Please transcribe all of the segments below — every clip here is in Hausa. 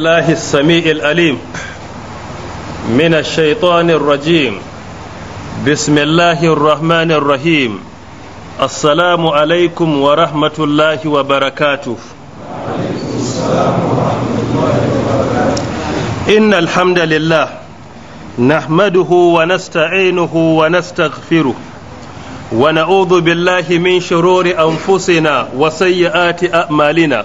الله السميع الأليم من الشيطان الرجيم بسم الله الرحمن الرحيم السلام عليكم ورحمة الله وبركاته إن الحمد لله نحمده ونستعينه ونستغفره ونعوذ بالله من شرور أنفسنا وسيئات أعمالنا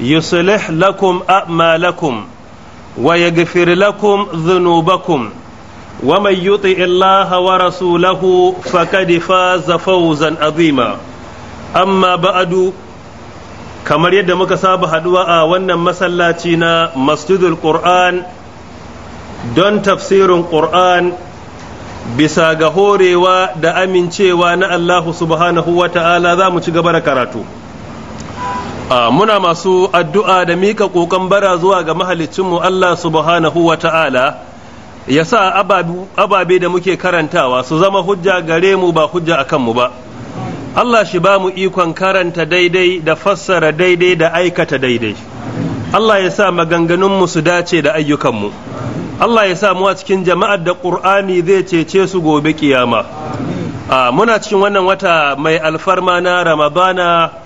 يصلح لكم أعمالكم ويغفر لكم ذنوبكم ومن يطع الله ورسوله فقد فاز فوزا عظيما أما بعد kamar yadda muka saba haɗuwa a wannan masallaci na masjidul qur'an don tafsirin qur'an bisa ga horewa da amincewa na allahu subhanahu wa ta'ala za mu ci gaba da karatu Ah, muna masu addu'a da mika kokon bara zuwa ga mahaliccinmu Allah subhanahu wa ta'ala ya sa ababe da muke karantawa su zama hujja gare mu ba hujja a kanmu ba Allah shi ba mu ikon karanta daidai da fassara daidai da aikata daidai Allah ya sa maganganunmu su dace da ayyukanmu Allah ya sa mu a cikin jama'ar da ƙur'ani zai cece su gobe kiyama ah, muna cikin wannan wata mai alfarma na ramadana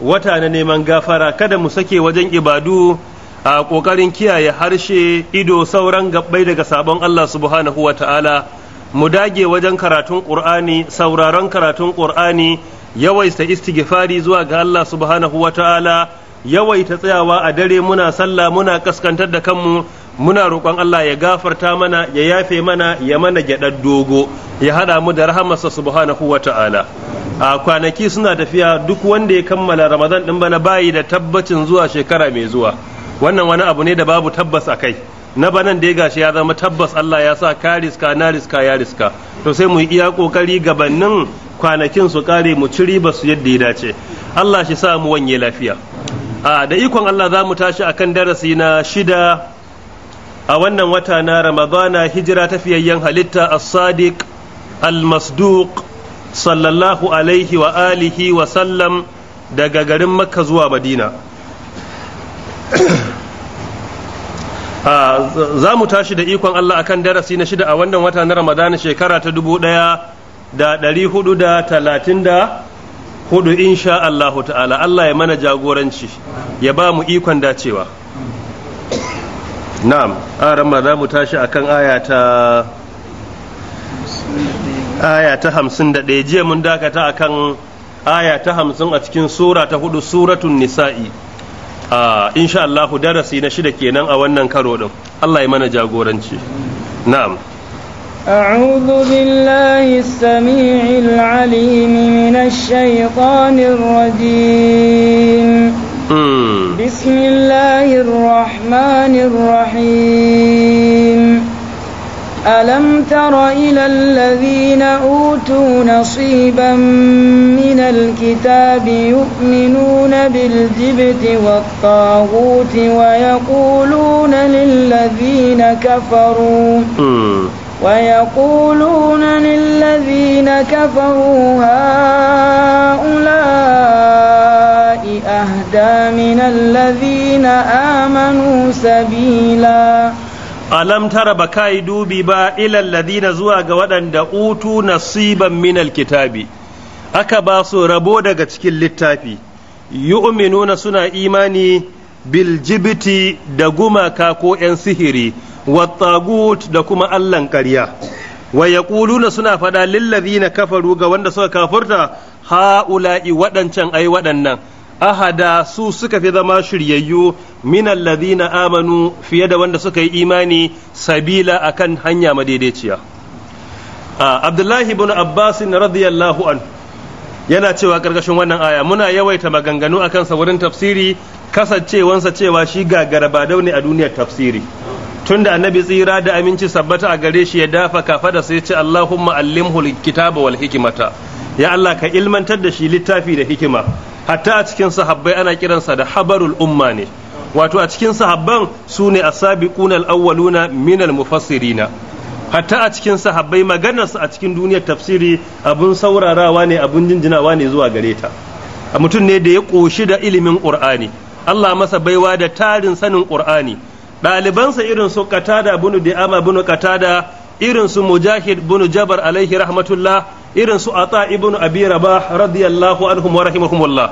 wata na neman gafara kada mu sake wajen ibadu a ƙoƙarin kiyaye harshe ido sauran gabbai daga sabon Allah subhanahu wa ta'ala mu dage wajen karatun ƙur'ani sauraron karatun ƙur'ani yawaita istighfari zuwa ga Allah subhanahu wa ta'ala yawaita tsayawa a dare muna sallah muna kaskantar da kanmu muna roƙon Allah ya gafarta mana ya yafe mana ya mana gyaɗar dogo ya haɗa mu da rahamarsa subhanahu wa ta'ala a kwanaki suna tafiya duk wanda ya kammala ramadan ɗin bana bayi da tabbacin zuwa shekara mai zuwa wannan wani abu ne da babu tabbas a kai na banan da ya gashi ya zama tabbas Allah ya sa ka riska na riska ya riska to sai mu yi iya kokari gabanin kwanakin su kare mu ci riba su yadda ya dace Allah shi sa mu wanye lafiya a da ikon Allah za mu tashi akan darasi na shida a wannan wata na ramadana hijira tafiyayyen halitta a sadiq al-masduq sallallahu alaihi wa alihi wa sallam daga garin makka zuwa madina za mu tashi da ikon allah akan darasi na shida a wannan wata na ramadana shekara ta dubu daya da dari hudu da talatin da hudu insha allahu ta'ala allah ya mana jagoranci ya ba mu ikon dacewa na'am an ah, rama za mu tashi a kan ayata hamsin da ɗaya jiya mun dakata akan kan ayata hamsin a cikin sura ta hudu suratun nisa'i ah, a darasi na shida kenan a wannan karo ɗin Allah ya mana jagoranci na'am أعوذ بالله السميع العليم من الشيطان الرجيم بسم الله الرحمن الرحيم ألم تر إلى الذين أوتوا نصيبا من الكتاب يؤمنون بالجبت والطاغوت ويقولون للذين كفروا ويقولون للذين كفروا هؤلاء أهدى من الذين آمنوا سبيلا alam tara ba kai dubi ba ilal ladina zuwa ga waɗanda utu nasiban minal kitabi aka ba su rabo daga cikin littafi yu'minuna suna imani biljibiti da gumaka ko 'yan sihiri wattagut da kuma allan ƙarya wa yaquluna suna faɗa na kafaru ga wanda suka kafurta haula'i waɗancan ai waɗannan ahada su suka fi zama shiryayyu min na amanu fiye da wanda suka yi imani sabila akan hanya madaidaiciya Abdullahi ibn Abbas radiyallahu an yana cewa karkashin wannan aya muna yawaita maganganu akan sa wurin tafsiri kasancewansa cewa shi gagara ba ne a duniyar tafsiri tunda annabi tsira da aminci sabbata a gare shi ya dafa kafa da sai ce Allahumma allimhu kitaba wal hikimata ya Allah ka ilmantar da shi littafi da hikima hatta a cikin sahabbai ana kiransa da habarul umma ne wato a cikin sahabban su ne asabiquna al-awwaluna min al-mufassirina hatta a cikin sahabbai maganarsa a cikin duniyar tafsiri abun saurarawa ne abun jinjinawa ne zuwa gare ta mutum ne da ya koshi da ilimin qur'ani Allah masa baiwa da tarin sanin qur'ani ɗalibansa irin su katada bunu di'ama bunu katada irin su mujahid bunu jabar alaihi rahmatullah irin su ata ibnu abi rabah radiyallahu anhum wa rahimahumullah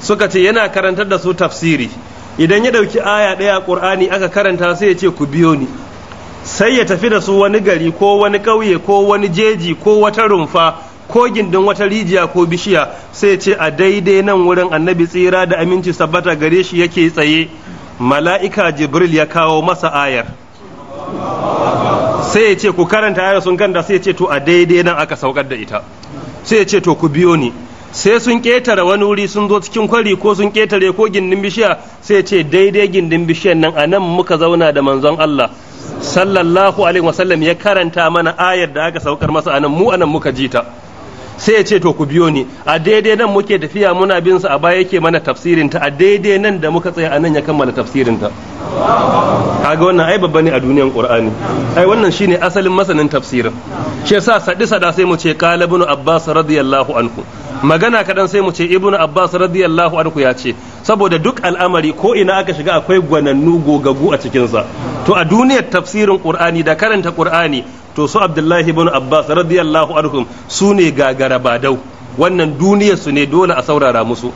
suka ce yana karantar da su tafsiri idan ya dauki aya ɗaya qur'ani aka karanta sai ya ce ku biyo ni sai ya tafi da su wani gari ko wani ƙauye ko wani jeji ko wata rumfa ko gindin wata rijiya ko bishiya sai ya ce a daidai nan wurin annabi tsira da aminci sabbata gare shi yake tsaye mala'ika jibril ya kawo masa ayar sai ya ce ku karanta ayar sun kanta sai ya ce to a daidai nan aka saukar da ita sai ya ce to ku biyo ni sai sun ƙetare wani wuri sun zo cikin kwari ko sun ƙetare ko gindin bishiya sai ya ce daidai gindin bishiyan nan a nan muka zauna da manzon Allah sallallahu alaihi wasallam ya karanta mana ayar da aka saukar masa a nan mu a nan muka ji ta sai ya ce to ku biyo ni a daidai nan muke tafiya muna bin su a baya yake mana tafsirin ta a daidai nan da muka tsaya anan ya kammala tafsirin ta kaga wannan ai babba ne a duniyar qur'ani ai wannan shine asalin masanin tafsirin shi yasa sadi sada sai mu ce qala ibn abbas radiyallahu anhu magana kadan sai mu ce ibn abbas radiyallahu anhu ya ce saboda duk al'amari ko ina aka shiga akwai gwanannu gogagu a cikinsa to a duniyar tafsirin qur'ani da karanta qur'ani to su abdullahi ibn abbas radiyallahu anhum su ne gagara badau wannan duniyar su ne dole a saurara musu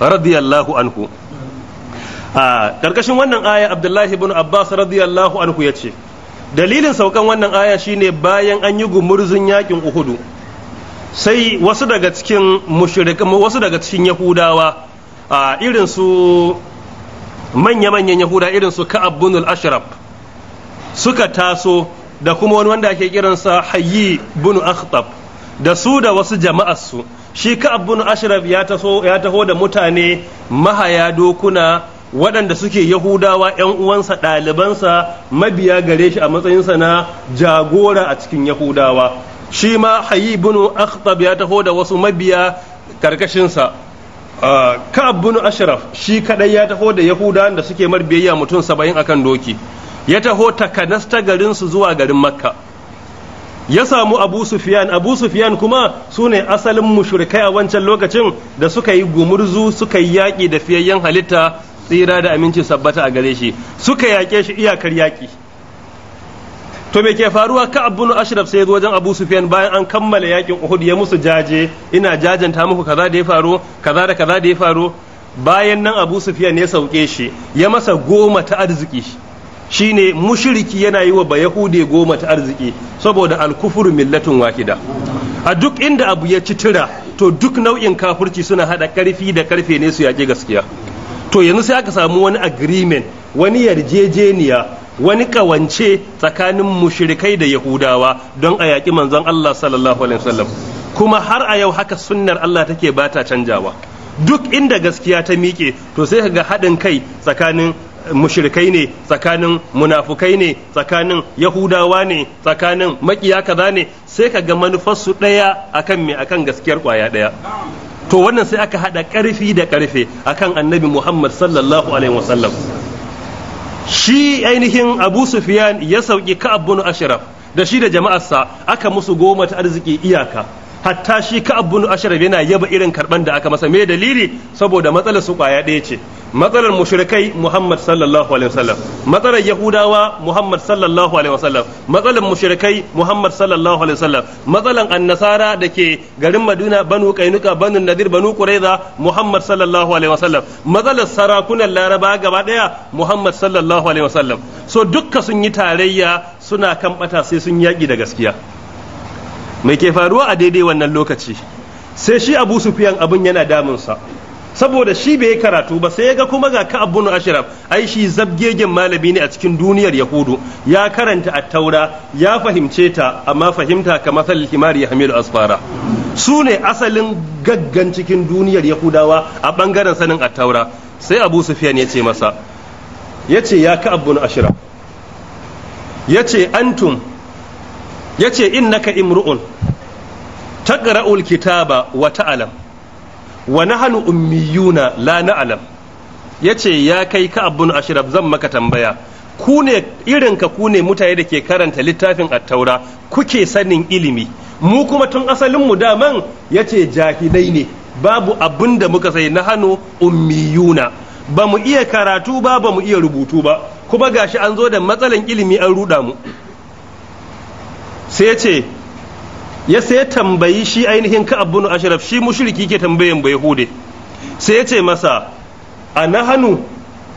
radiyallahu anhu a karkashin wannan aya abdullahi ibn abbas radiyallahu anhu ya ce dalilin saukan wannan aya shine bayan an yi gumurzun yakin uhudu sai wasu daga cikin mushrikan wasu daga cikin yahudawa a irin su manya-manyan yahuda irin su ka'ab bin al-ashraf suka taso da kuma wani wanda ake kiransa hayyi bin akhtab da su da wasu jama'arsu shi ka'ab bin ashraf ya taso ya taho da mutane mahaya dokuna waɗanda suke yahudawa 'yan uwansa ɗalibansa mabiya gare shi a matsayinsa na jagora a cikin yahudawa shi ma hayyi bin akhtab ya taho da wasu mabiya karkashinsa ka'ab bin ashraf shi kadai ya taho da yahudawan da suke marbiyayya mutum saba'in akan doki ya taho takanas ta garin zuwa garin makka ya samu abu sufiyan abu sufiyan kuma su ne asalin mushrikai a wancan lokacin da suka yi gumurzu suka yi yaƙi da fiyayyen halitta tsira da aminci sabbata a gare shi suka yaƙe shi iyakar yaƙi to me ke faruwa ka abdul ashraf sai wajen abu sufiyan bayan an kammala yaƙin uhud ya musu jaje ina jajanta muku kaza da ya faru kaza da kaza da ya faru bayan nan abu sufiyan ya sauke shi ya masa goma ta arziki shi shine mushiriki yana yi wa bayahude goma ta arziki saboda alkufuru millatun wahida a duk inda abu ya ci tira to duk nau'in kafurci suna hada karfi da karfe ne su yaƙi gaskiya to yanzu sai aka samu wani agreement wani yarjejeniya wani kawance tsakanin mushrikai da yahudawa don a yaƙi manzon Allah sallallahu alaihi wasallam kuma har a yau haka sunnar Allah take bata canjawa duk inda gaskiya ta miƙe to sai ka ga haɗin kai tsakanin mushrikai ne tsakanin munafukai ne tsakanin yahudawa ne tsakanin makiya kaza ne sai ka ga manufarsu ɗaya akan me akan gaskiyar kwaya ɗaya to wannan sai aka haɗa ƙarfi da ƙarfe akan annabi muhammad sallallahu alaihi wasallam shi ainihin abu sufyan ya sauki ka'ab bin ashraf da shi da jama'arsa aka musu goma ta arziki iyaka hatta shi ka'ab bin ashraf yana yaba irin karban da aka masa me dalili saboda matsalar su kwaya ɗaya ce matsalar mushrikai Muhammad sallallahu alaihi wasallam matsalar yahudawa Muhammad sallallahu alaihi wasallam matsalar mushrikai Muhammad sallallahu alaihi wasallam matsalar annasara da ke garin Madina banu Kainuka banu Nadir banu Quraiza Muhammad sallallahu alaihi wasallam matsalar sarakunan Laraba gaba daya Muhammad sallallahu alaihi wasallam so dukka sun yi tarayya suna kan bata sai sun yaki da gaskiya mai ke faruwa a daidai wannan lokaci sai shi Abu Sufyan abun yana damunsa saboda shi bai yi karatu ba sai ya ga kuma ga ka'ab bin ashraf ai shi zabgegen malami ne a cikin duniyar yahudu ya karanta at-taura ya fahimce ta amma fahimta kamar masal himari ya hamilu asfara su ne asalin gaggan cikin duniyar yahudawa a bangaren sanin at-taura sai abu sufyan ya ce masa ya ce ya ka'ab bin ashraf ya ce antum ya ce innaka imru'un taqra'ul kitaba wa ta'lam wa nahnu ummiyuna la na'lam yace ya kai ka abun ashraf zan maka tambaya ku ne irinka ku ne mutane da ke karanta littafin attaura kuke sanin ilimi mu kuma tun asalin mu daman yace jahilai ne babu abun da muka sai nahnu ummiyuna ba mu iya karatu ba ba mu iya rubutu ba kuma gashi an zo da matsalan ilimi an ruda mu sai ce ya sai tambayi shi ainihin ka abunu ashraf shi mushriki ke tambayan ba yahude sai ya ce masa a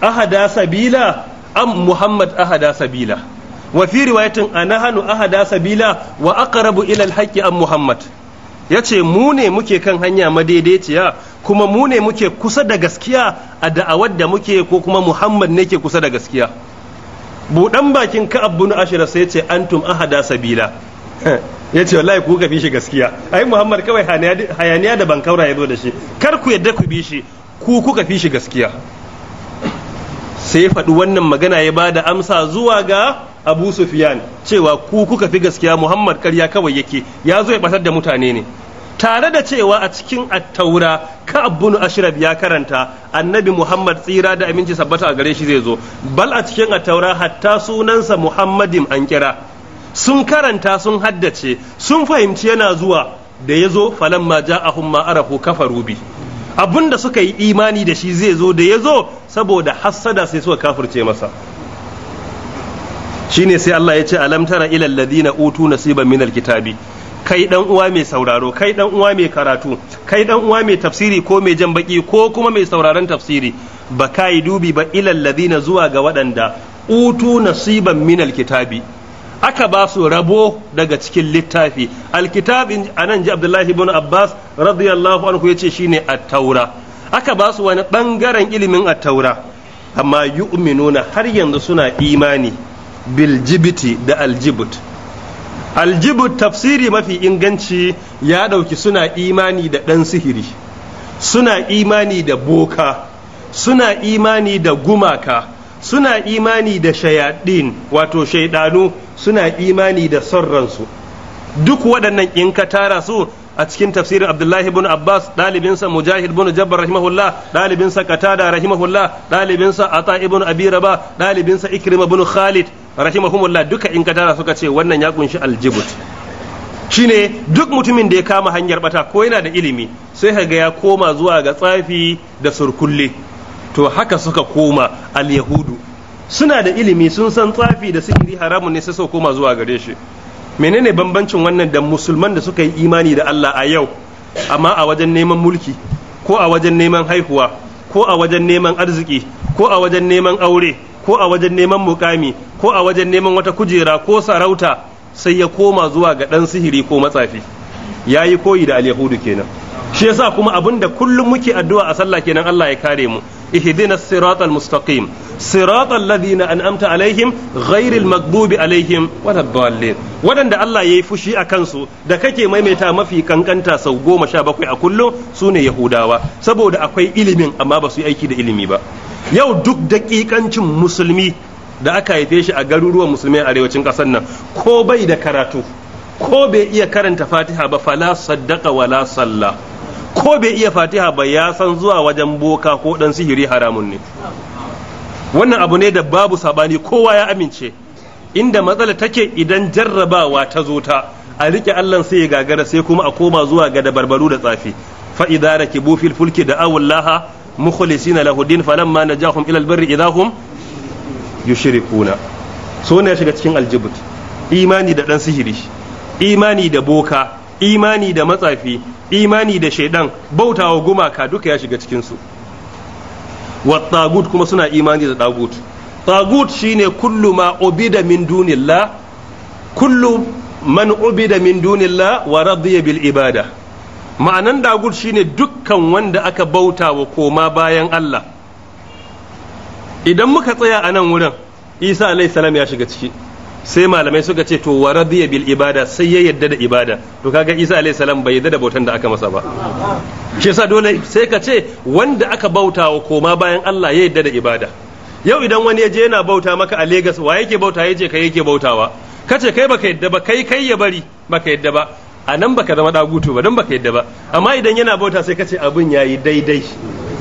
ahada sabila am muhammad ahada sabila wa fi riwayatin a ahada sabila wa aqrabu ila alhaqi am muhammad ya ce mu ne muke kan hanya madaidaiciya kuma mu ne muke kusa da gaskiya a da'awar da muke ko kuma muhammad ne ke kusa da gaskiya buɗan bakin ka'ab bin ashira sai ce antum ahada sabila ya ce wallahi ku ka shi gaskiya ai muhammad kawai hayaniya da bankaura ya zo da shi kar ku yadda ku bi shi ku kuka fi shi gaskiya sai ya faɗi wannan magana ya ba da amsa zuwa ga abu sufyan cewa ku kuka fi gaskiya muhammad karya kawai yake ya zo ya batar da mutane ne tare da cewa a cikin attaura ka abun ashraf ya karanta annabi muhammad tsira da aminci sabbata a gare shi zai zo bal a cikin attaura hatta sunansa muhammadin an kira sun karanta sun haddace sun fahimci yana zuwa da ya zo falamma ja'ahum ma arafu kafaru bi abinda suka yi imani da shi zai zo da ya zo saboda hassada sai suka kafirce masa shine sai Allah ya ce alam tara ilal ladina utu nasiban minal kitabi kai dan uwa mai sauraro kai dan uwa mai karatu kai dan uwa mai tafsiri ko mai jan baki ko kuma mai sauraron tafsiri ba kai dubi ba ilal ladina zuwa ga waɗanda utu nasiban minal kitabi aka ba su rabo daga cikin littafi alkitabin anan ji abdullahi ibn abbas radiyallahu anhu yace shine at-taura aka ba su wani bangaren ilimin at-taura amma yu'minuna har yanzu suna imani bil jibiti da aljibut aljibut tafsiri mafi inganci ya ɗauki suna imani da ɗan sihiri suna imani da boka suna imani da gumaka suna imani da shayadin wato shaiɗanu suna imani da son duk waɗannan in ka tara su a cikin tafsirin Abdullahi ibn Abbas ɗalibinsa Mujahid ibn Jabbar rahimahullah ɗalibinsa Qatada rahimahullah ɗalibinsa Ata ibn Abi ɗalibinsa Ikrima ibn Khalid rahimahumullah duka in ka tara suka ce wannan ya kunshi aljibut shine duk mutumin da ya kama hanyar bata ko yana da ilimi sai ka ga ya koma zuwa ga tsafi da surkulle to haka suka koma al-yahudu suna da ilimi sun san tsafi da sihiri haramun ne sai su koma zuwa gare shi menene bambancin wannan da musulman da suka yi imani da Allah a yau amma a wajen neman mulki ko a wajen neman haihuwa ko a wajen neman arziki ko a wajen neman aure ko a wajen neman mukami ko a wajen neman wata kujera ko sarauta sai ya koma zuwa ga dan sihiri ko matsafi yayi koyi da al-yahudu kenan shi yasa kuma abinda kullum muke addu'a a sallah kenan Allah ya kare mu ihdina siratal mustaqim siratal ladina an'amta alaihim ghairil maghdubi alaihim waladdallin wadanda Allah yayi fushi a kansu da kake maimaita mafi kankanta sau goma sha bakwai a kullum sune yahudawa saboda akwai ilimin amma ba su yi aiki da ilimi ba yau duk daƙiƙancin musulmi da aka haife shi a garuruwan musulmai arewacin ƙasar nan ko bai da karatu ko bai iya karanta fatiha ba fala saddaka wala salla ko bai iya fatiha ba ya san zuwa wajen boka ko dan sihiri haramun ne wannan abu ne da babu sabani kowa ya amince inda matsala take idan jarrabawa ta zo ta a rike Allah sai ya gagara sai kuma a koma zuwa ga dabarbaru da tsafi fa idza rakibu fil fulki da awallaha mukhlisina lahu din falamma najahum ila albarri idahum yushrikuna so ne shiga cikin aljibut imani da dan sihiri imani da boka imani da matsafi imani da shaidan bautawa gumaka duka ya shiga cikin su wa kuma suna imani da tagut tagut shine kullu ma ubida min dunillah kullu man ubida min dunillah wa radiya bil ibada ma'anan tagut shine dukkan wanda aka bautawa koma bayan Allah idan muka tsaya a nan wurin Isa alaihi salam ya shiga ciki sai malamai suka ce to wa radiya bil ibada sai ya yadda da ibada to kaga Isa alayhi salam bai yadda da bautan da aka masa ba shi yasa dole sai ka ce wanda aka bauta wa koma bayan Allah ya yadda da ibada yau idan wani ya je yana bauta maka a Legas wa yake bauta yace kai yake bautawa kace kai baka yadda ba kai kai ya bari baka yadda ba a nan baka zama dagutu ba dan baka yadda ba amma idan yana bauta sai kace abin yayi daidai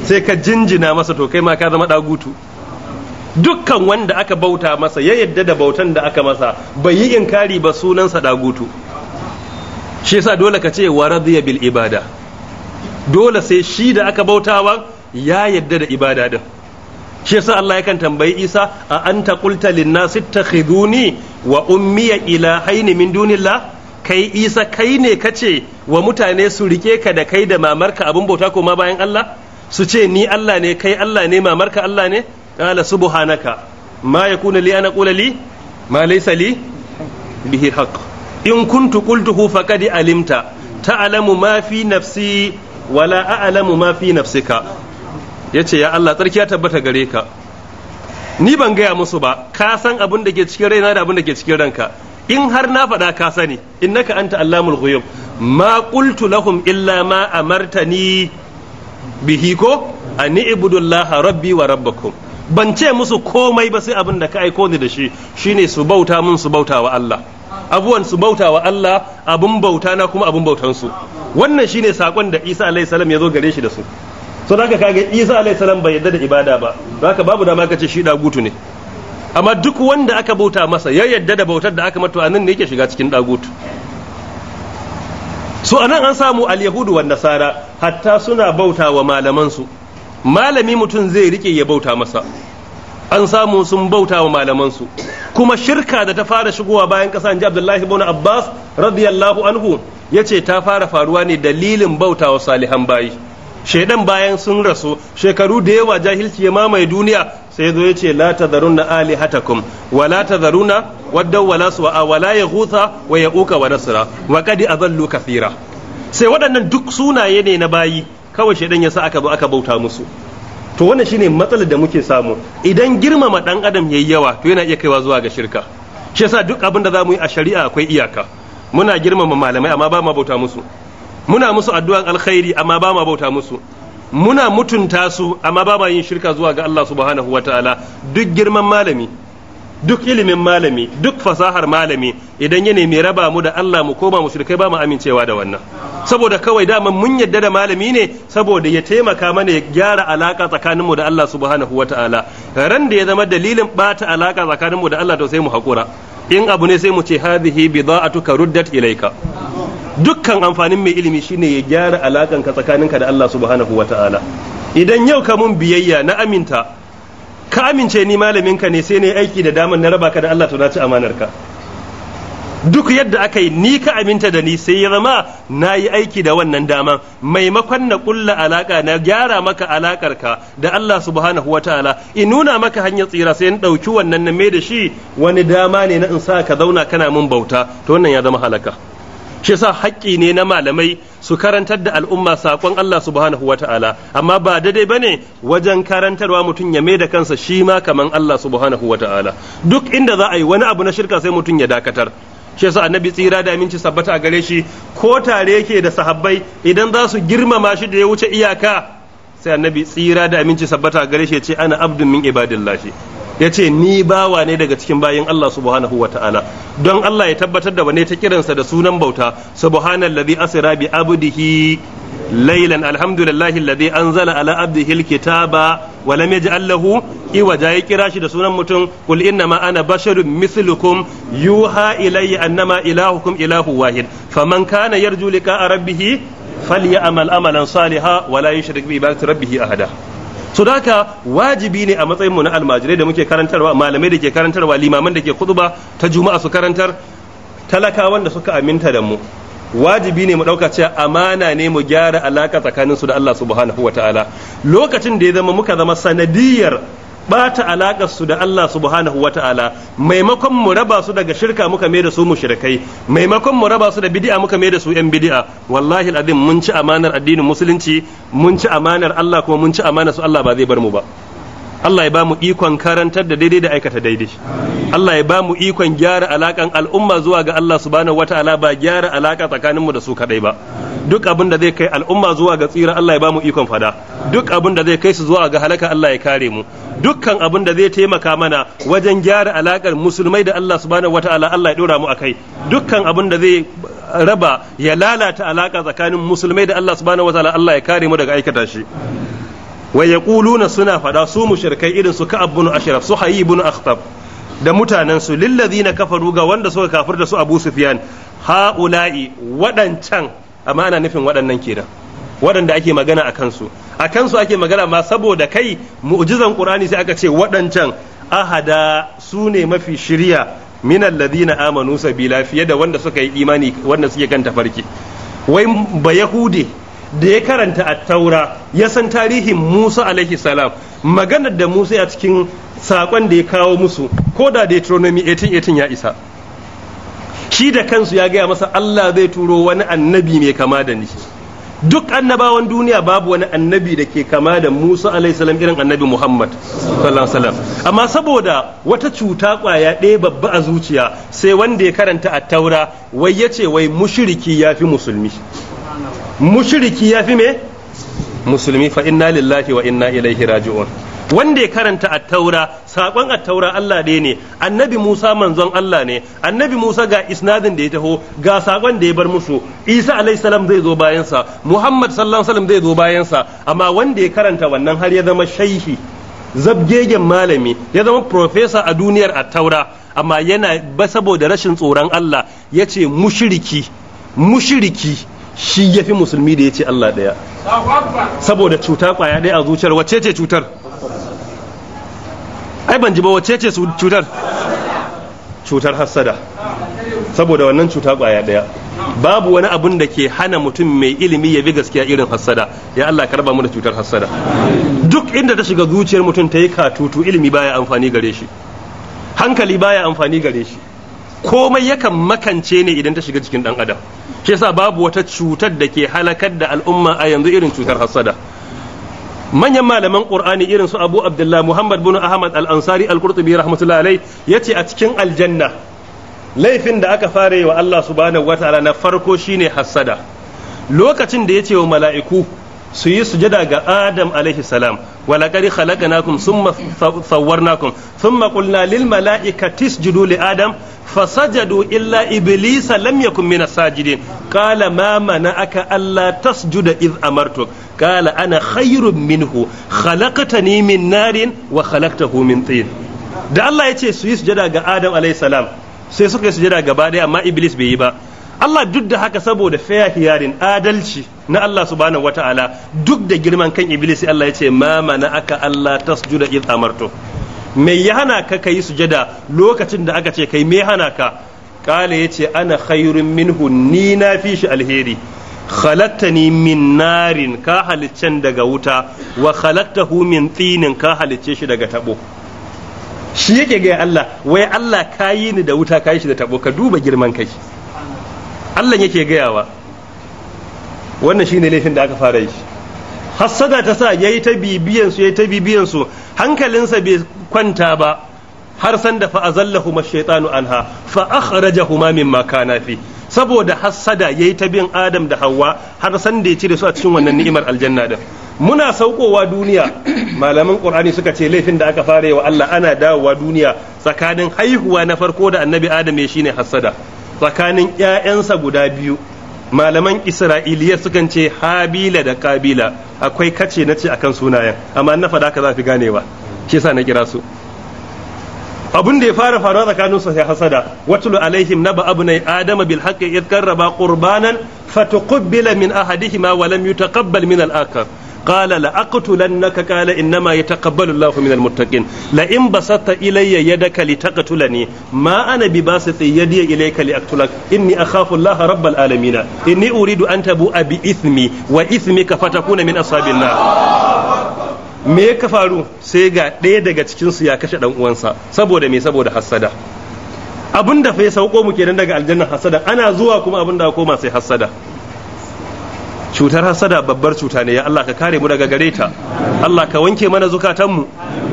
sai ka jinjina masa to kai ma ka zama dagutu dukkan wanda aka bauta masa ya yadda da bautan da aka masa bai yi inkari ba sunansa dagutu shi yasa dole ka ce wa radiya bil ibada dole sai shi da aka bautawa ya yadda da ibada din shi yasa Allah yakan tambayi Isa a anta qulta lin nas ittakhiduni wa ummiya ilahaini min dunillah kai Isa kai ne kace wa mutane su rike ka da kai da mamarka abin bauta ko ma bayan Allah su ce ni Allah ne kai Allah ne mamarka Allah ne qala subhanaka ma yakuna li an aqula li ma laysa bihi haqq in kuntu qultuhu faqad alimta ta'lamu ma fi nafsi wala a'lamu ma fi nafsika yace ya Allah tsarki ya tabbata gare ka ni ban gaya musu ba ka san abin da ke cikin raina da abin da ke cikin ranka in har na faɗa ka sani innaka anta allamul ghuyub ma qultu illa ma amartani bihi ko Ani ibudullaha rabbi wa rabbakum ban ce musu komai ba sai abin da ka aiko ni da shi shine su bauta mun su bauta wa Allah abuwan su bauta wa Allah abun bauta na kuma abun bautan su wannan shine sakon da Isa alaihi salam ya zo gare shi da su so haka kage Isa alaihi salam bai yarda da ibada ba haka babu dama ka ce shi dagutu ne amma duk wanda aka bauta masa ya yarda da bautar da aka mata anan ne yake shiga cikin dagutu so anan an samu al-yahudu nasara hatta suna bauta wa malaman su malami mutum zai rike ya bauta masa an samu sun bauta wa malamansu kuma shirka da ta fara shigowa bayan ƙasa in ji abdullahi ibn abbas radiyallahu anhu ya ce ta fara faruwa ne dalilin bauta wa salihan bayi shaidan bayan sun rasu shekaru da yawa jahilci ya mamaye duniya sai zo ya ce la Ali alihatakum wa la tadharuna wadda wala su'a wa la yaghutha wa yauka wa nasra wa qad azallu kathira sai waɗannan duk sunaye ne na bayi kawai shaidan ya sa aka zo aka bauta musu to wannan shine matsalar da muke samu idan girmama dan adam yayi yawa to yana iya kaiwa zuwa ga shirka shi yasa duk abin da zamu yi a shari'a akwai iyaka muna girmama malamai amma ba ma bauta musu muna musu addu'an alkhairi amma ba ma bauta musu muna mutunta su amma ba ma yin shirka zuwa ga Allah subhanahu wataala duk girman malami duk ilimin malami duk fasahar malami idan ya nemi raba mu da Allah mu koma mu shirkai ba mu amincewa da wannan saboda kawai dama mun yadda da malami ne saboda ya taimaka mana ya gyara alaka tsakaninmu da Allah subhanahu wataala ran da ya zama dalilin bata alaka tsakaninmu da Allah to sai mu hakura in abu ne sai mu ce hadhihi bida'atuka ruddat ilayka dukkan amfanin mai ilimi shine ya gyara alakan ka tsakaninka da Allah subhanahu wataala idan yau ka mun biyayya na aminta ka amince ni malamin ka ne sai ne aiki da damar na raba ka da Allah to na ci amanarka duk yadda aka yi ni ka aminta da ni sai ya zama na yi aiki da wannan dama maimakon na kulla alaka na gyara maka alakar ka da Allah subhanahu wa ta'ala in nuna maka hanyar tsira sai in ɗauki wannan na mai da shi wani dama ne na in sa ka zauna kana mun bauta to wannan ya zama halaka shi yasa haƙƙi ne na malamai su karantar da al'umma saƙon Allah subhanahu ta'ala amma ba daidai bane wajen karantarwa mutum ya da kansa shi ma kaman Allah subhanahu ta'ala duk inda za a yi wani abu na shirka sai mutum ya dakatar shi yasa annabi tsira da aminci sabbata a gare shi ko tare yake da sahabbai idan za su girmama shi da ya wuce iyaka sai annabi tsira da aminci sabbata a gare shi ya ce ana abdun min ibadillahi ya ce ni bawa ne daga cikin bayin Allah subhanahu wa ta'ala don Allah ya tabbatar da wane ta kiransa da sunan bauta subhanallazi asra bi abdihi laylan alhamdulillahi alladhi anzala ala abdihi alkitaba wa lam yaj'al lahu iwaja ya kira shi da sunan mutum kul inna ma ana basharun mislukum yuha ilayya annama ilahukum ilahu wahid faman kana yarju liqa rabbih falyamal amalan salihan wa la yushrik bi ibadati rabbih ahada so da haka wajibi ne a matsayin mu na almajirai da muke karantarwa malamai da ke karantarwa limaman da ke khutba ta juma'a su karantar talakawan da suka aminta da mu wajibi ne mu ɗaukace cewa amana ne mu gyara alaka tsakanin su da Allah subhanahu wata'ala lokacin da ya zama muka zama sanadiyar bata alakar su da Allah subhanahu taala maimakon mu raba su daga shirka muka mai da su mushrikai maimakon mu raba su da bid'a muka mai da su yan bid'a wallahi alazim mun ci amanar addinin musulunci mun ci amanar Allah kuma mun ci amanar su Allah ba zai bar mu ba Allah ya ba mu ikon karantar da daidai da aikata daidai Allah ya ba mu ikon gyara alakan al'umma zuwa ga Allah subhanahu wataala ba gyara alaka tsakaninmu da su kadai ba duk abin da zai kai al'umma zuwa ga tsira Allah ya ba mu ikon fada duk abin da zai kai su zuwa ga halaka Allah ya kare mu dukkan abin da zai taimaka mana wajen gyara alakar musulmai da Allah subhanahu wataala Allah ya dora mu akai dukkan abin da zai raba ya lalata alaka tsakanin musulmai da Allah subhanahu wataala Allah ya kare mu daga aikata shi wa yaquluna suna faɗa su mushrikai irin su ka bin ashraf su hayy bin akhtab da mutanen su na kafaru ga wanda suka kafir da su abu sufyan haula'i waɗancan amma ana nufin waɗannan kenan waɗanda ake magana a kansu a kansu ake magana ma saboda kai mu'jizan qur'ani sai aka ce waɗancan ahada su ne mafi shirya min alladhina amanu sabila fiye da wanda suka yi imani wanda suke kan tafarki wai ba yahude da ya karanta a taura ya san tarihin Musa alaihi salam maganar da Musa a cikin saƙon da ya kawo musu ko da Deuteronomy 18 ya isa shi da kansu ya gaya masa Allah zai turo wani annabi mai kama da ni duk annabawan duniya babu wani annabi da ke kama da Musa alaihi salam irin annabi Muhammad sallallahu amma saboda wata cuta kwaya ɗaya babba a zuciya sai wanda ya karanta a taura wai ya ce wai mushiriki ya fi musulmi mushriki ya fi me musulmi fa inna lillahi wa inna ilaihi raji'un wanda ya karanta attaura sakon attaura Allah ɗaya ne annabi Musa manzon Allah ne annabi Musa ga isnadin da ya taho ga sakon da ya bar musu Isa alaihi salam zai zo bayan sa Muhammad sallallahu alaihi wasallam zai zo bayan sa amma wanda ya karanta wannan har ya zama shaihi zabgegen malami ya zama profesa a duniyar attaura amma yana ba saboda rashin tsoron Allah yace ce mushiriki mushiriki shi ya fi musulmi da ya ce Allah ɗaya saboda cuta ƙwaya ɗaya a zuciyar wacce ce cutar ai ban ji ba wacce ce cutar cutar hassada saboda wannan cuta ƙwaya ɗaya babu wani abun da ke hana mutum mai ilimi ya bi gaskiya irin hassada ya Allah karba mu da cutar hassada duk inda ta shiga zuciyar mutum ta yi katutu ilimi baya amfani gare shi hankali baya amfani gare shi komai yakan makance ne idan ta shiga cikin dan adam shi yasa babu wata cutar da ke halakar da al'umma a yanzu irin cutar hasada manyan malaman qur'ani irin su abu abdullah muhammad bin ahmad al-ansari al-qurtubi rahmatullahi alai yace a cikin aljanna laifin da aka fara wa Allah subhanahu wataala na farko shine hasada lokacin da yace wa mala'iku su yi sujada ga adam alaihi salam walaqad khalaqnakum thumma sawwarnakum thumma qulna lil mala'ikati isjudu li adam fasajadu illa iblisa lam yakun minas sajidin qala ma mana'aka alla tasjuda id amartuk kala ana khairun minhu khalaqtani min narin wa khalaqtahu min tin da Allah yace su yi sujada ga adam alaihi salam sai suka yi sujada gaba daya amma iblis bai yi ba Allah duk da haka saboda fair hearing adalci na Allah subhanahu wataala duk da girman kan iblis Allah ya ce ma mana aka Allah tasjuda iz amartu me ya hana ka kai sujada lokacin da aka ce kai me hana ka kale yace ana khairun minhu ni na fi shi alheri khalattani min narin ka haliccen daga wuta wa khalattahu min tsinin ka halicce shi daga tabo shi yake ga Allah wai Allah kayi ni da wuta kayi shi da tabo ka duba girman kai Allah yake gayawa wannan shine laifin da aka fara yi hassada ta sa yayi ta bibiyan su yayi ta bibiyan su hankalinsa bai kwanta ba har san da fa azallahuma shaytanu anha fa akhrajahuma mimma kana fi saboda hassada yayi ta bin Adam da Hawwa har san da ya cire su a cikin wannan ni'imar aljanna da. muna saukowa duniya malaman qur'ani suka ce laifin da aka fara yi wa Allah ana dawowa duniya tsakanin haihuwa na farko da annabi Adam ya shine hassada tsakanin ‘ya'yansa guda biyu malaman isra'iliya sukan ce habila da kabila akwai kace na ce akan sunayen amma na faɗa ka za fi ganewa shi sa na kira su abun da ya fara faruwa tsakanin su sai hasada watulu alaihim naba abnai adama bil haqqi id qarraba qurbanan fatuqbila min ahadihima wa lam yutaqabbal min al-akhar qala la aqtulannaka qala innama yataqabbalu Allahu ta muttaqin la in basatta ilayya yadaka litaqtulani ma ana bi basati yadi ilayka li aqtulak inni akhafu Allah rabbal alamin inni uridu an bu bi ithmi wa ithmika fatakuna min ashabin nar me ka faru sai ga ɗaya daga cikin ya kashe dan uwansa saboda me saboda hassada abin da fa ya kenan daga aljanna hasada ana zuwa kuma abin da koma sai hasada cutar hasada babbar cuta ne ya Allah ka kare mu daga gare ta Allah ka wanke mana zukatanmu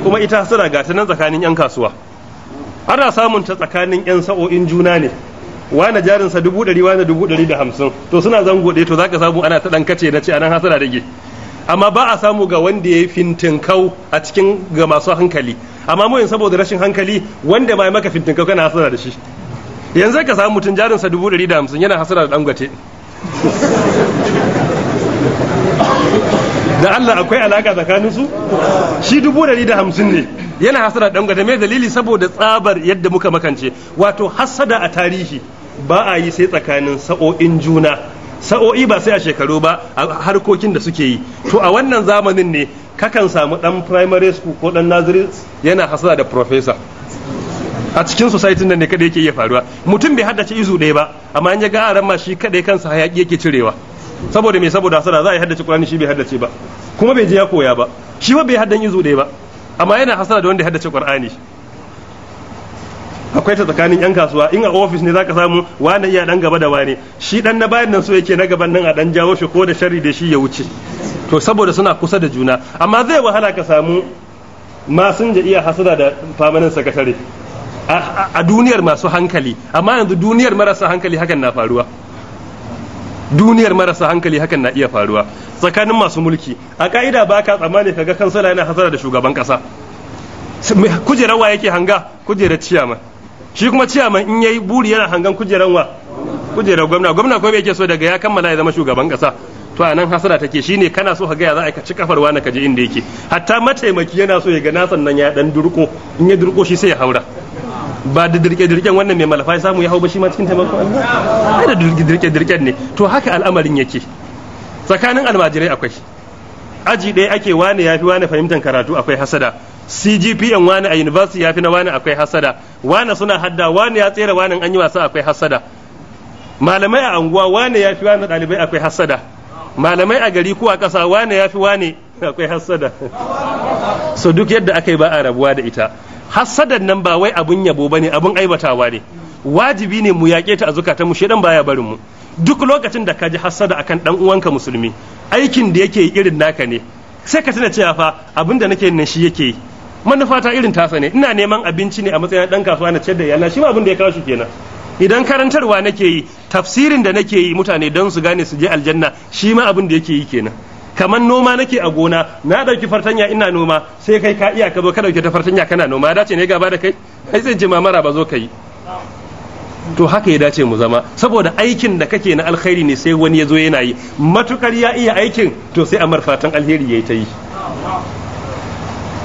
kuma ita hasada ga ta nan tsakanin yan kasuwa ana samun ta tsakanin yan sa'o'in juna ne wani jarinsa dubu ɗari wani dubu ɗari da hamsin to suna zango ɗaya to zaka samu ana ta ɗan kace na ce anan hasada rage amma ba a samu ga wanda ya yi fintinkau a cikin ga masu hankali amma mu saboda rashin hankali wanda mai maka fintinkau kana hasada da shi yanzu ka samu mutum jarinsa dubu ɗari da hamsin yana hasada da dangote da Allah akwai alaka tsakanin su shi dubu dari da hamsin ne yana hasada dangwata mai dalili saboda tsabar yadda muka makance wato hasada a tarihi ba a yi sai tsakanin sa'o'in juna sa'o'i ba sai a shekaru ba a harkokin da suke yi to a wannan zamanin ne kakan samu dan primary school ko dan nursery yana hasada da professor a cikin society nan ne kada yake iya faruwa mutum bai haddace izu ɗaya ba amma an ya ga aran ma shi kada kansa hayaki yake cirewa saboda me saboda hasada za a yi haddace Qur'ani shi bai haddace ba kuma bai je ya koya ba shi ba bai haddan izu ɗaya ba amma yana hasada da wanda ya haddace Qur'ani akwai ta tsakanin yan kasuwa in a ofis ne zaka samu wani iya dan gaba da wani shi dan na bayan nan so yake na gaban nan a dan jawo shi ko da sharri da shi ya wuce to saboda suna kusa da juna amma zai wahala ka samu masun da iya hasada da famanin sakatare a duniyar masu hankali amma yanzu duniyar marasa hankali hakan na faruwa duniyar marasa hankali hakan na iya faruwa tsakanin masu mulki a ka'ida ba ka tsammani kaga kansala yana hasara da shugaban kasa kujerar wa yake hanga kujerar ciyaman shi kuma ciyaman in yayi buri yana hangan kujerar wa kujerar gwamna gwamna kuma yake so daga ya kammala ya zama shugaban kasa to anan hasara take shine kana so ka ga za a ci kafar wani kaje inda yake hatta mataimaki yana so ya ga nasan nan ya dan durko in ya durko shi sai ya haura ba da dirke dirken wannan mai malafa ya samu ya hau ba shi ma cikin taimakon Allah ai da dirke dirken ne to haka al'amarin yake tsakanin almajirai akwai aji ɗaya ake wane yafi wane fahimtar karatu akwai hasada CGPN wane a university yafi na wane akwai hasada wane suna hadda wane ya tsere wane an yi wasa akwai hasada malamai a anguwa wane yafi wane ɗalibai akwai hasada malamai a gari ko a ƙasa wane yafi wane akwai hassada so duk yadda aka yi ba a rabuwa da ita hassadan nan ba wai abun yabo ba ne abun aibatawa ne wajibi ne mu yaƙe ta a zukata mu shedan baya barin mu duk lokacin da ka ji hassada akan dan uwanka musulmi aikin da yake irin naka ne sai ka tuna cewa fa abin da nake nan shi yake yi manufa ta irin tasa ne ina neman abinci ne a matsayin dan kasuwa na ciyar da yana shi ma abin da ya kawo kenan idan karantarwa nake yi tafsirin da nake yi mutane don su gane su je aljanna shi ma abin da yake yi kenan kamar noma nake a gona na dauki fartanya ina noma sai kai ka iya ka zo ka dauke ta fartanya kana noma ya dace ne gaba da kai ai zai jima mamara ba zo ka yi to haka ya dace mu zama saboda aikin da kake na alkhairi ne sai wani ya zo yana yi matukar ya iya aikin to sai amar fatan alheri yayi ta yi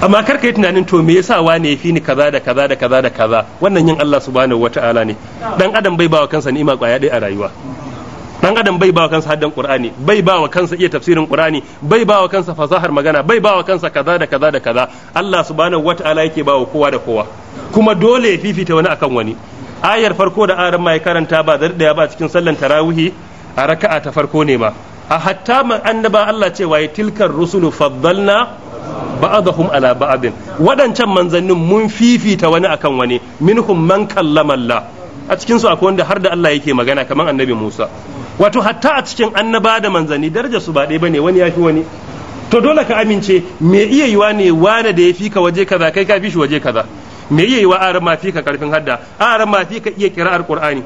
amma kar yi tunanin to me yasa wane fi ni kaza da kaza da kaza da kaza wannan yin Allah subhanahu wata'ala ne dan adam bai bawa kansa ni'ima kwaya dai a rayuwa dan adam bai bawa kansa haddan qur'ani bai bawa kansa iya tafsirin qur'ani bai bawa kansa fasahar magana bai bawa kansa kaza da kaza da kaza Allah subhanahu wata'ala yake bawa kowa da kowa kuma dole ya fifita wani akan wani ayar farko da aran mai karanta ba da ya ba cikin sallan tarawihi a raka'a ta farko ne ba a hatta annaba Allah cewa ya tilkar rusulu faddalna ba'dahum ala ba'din wadancan manzannin mun fifita wani akan wani minhum man kallama Allah a cikin su akwai wanda har da Allah yake magana kamar annabi Musa wato hatta a cikin annaba da manzani daraja su ba ɗaya bane wani yafi wani to dole ka amince me iya yiwa ne wane da ya fi ka waje kaza kai ka fi shi waje kaza me iya yiwa aran ma fi ka karfin hadda aran ma fi ka iya kira'ar qur'ani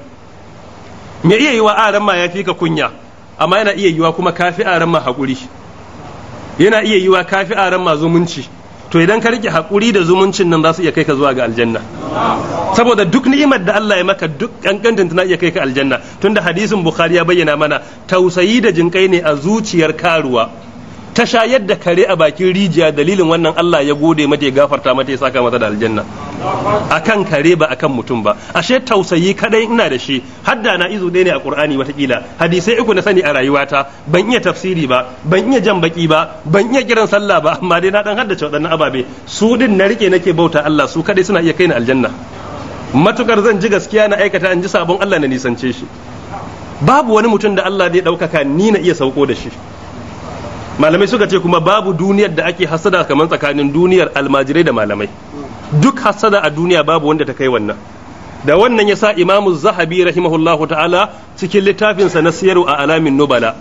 me iya yiwa aran ma ya ka kunya amma yana iya yiwa kuma kafi aran ma hakuri yana iya yiwa kafi aran ma zumunci to idan ka rike hakuri da zumuncin nan za su iya kai ka zuwa ga aljanna saboda duk ni'imar da Allah ya maka duk kankantin tana iya kai ka aljanna tunda hadisin bukhari ya bayyana mana tausayi da jinkai ne a zuciyar karuwa ta shayar da kare a bakin rijiya dalilin wannan Allah ya gode mata ya gafarta mata ya saka mata da aljanna akan kare ba akan mutum ba ashe tausayi kadai ina da shi hadda na izo ɗaya ne a Qur'ani watakila hadisai uku na sani a rayuwata ban iya tafsiri ba ban iya jan baki ba ban iya kiran sallah ba amma dai na dan haddace wadannan ababe su din na rike nake bauta Allah su kadai suna iya kai ni aljanna matukar zan ji gaskiya na aikata in ji sabon Allah na nisance shi babu wani mutum da Allah zai ɗaukaka ni na iya sauko da shi malamai suka ce kuma babu duniyar da ake hasada kamar tsakanin duniyar almajirai da malamai duk hasada a duniya babu wanda ta kai wannan da wannan yasa imamu zahabi rahimahullahu ta'ala cikin littafinsa na siyaru a alamin nubala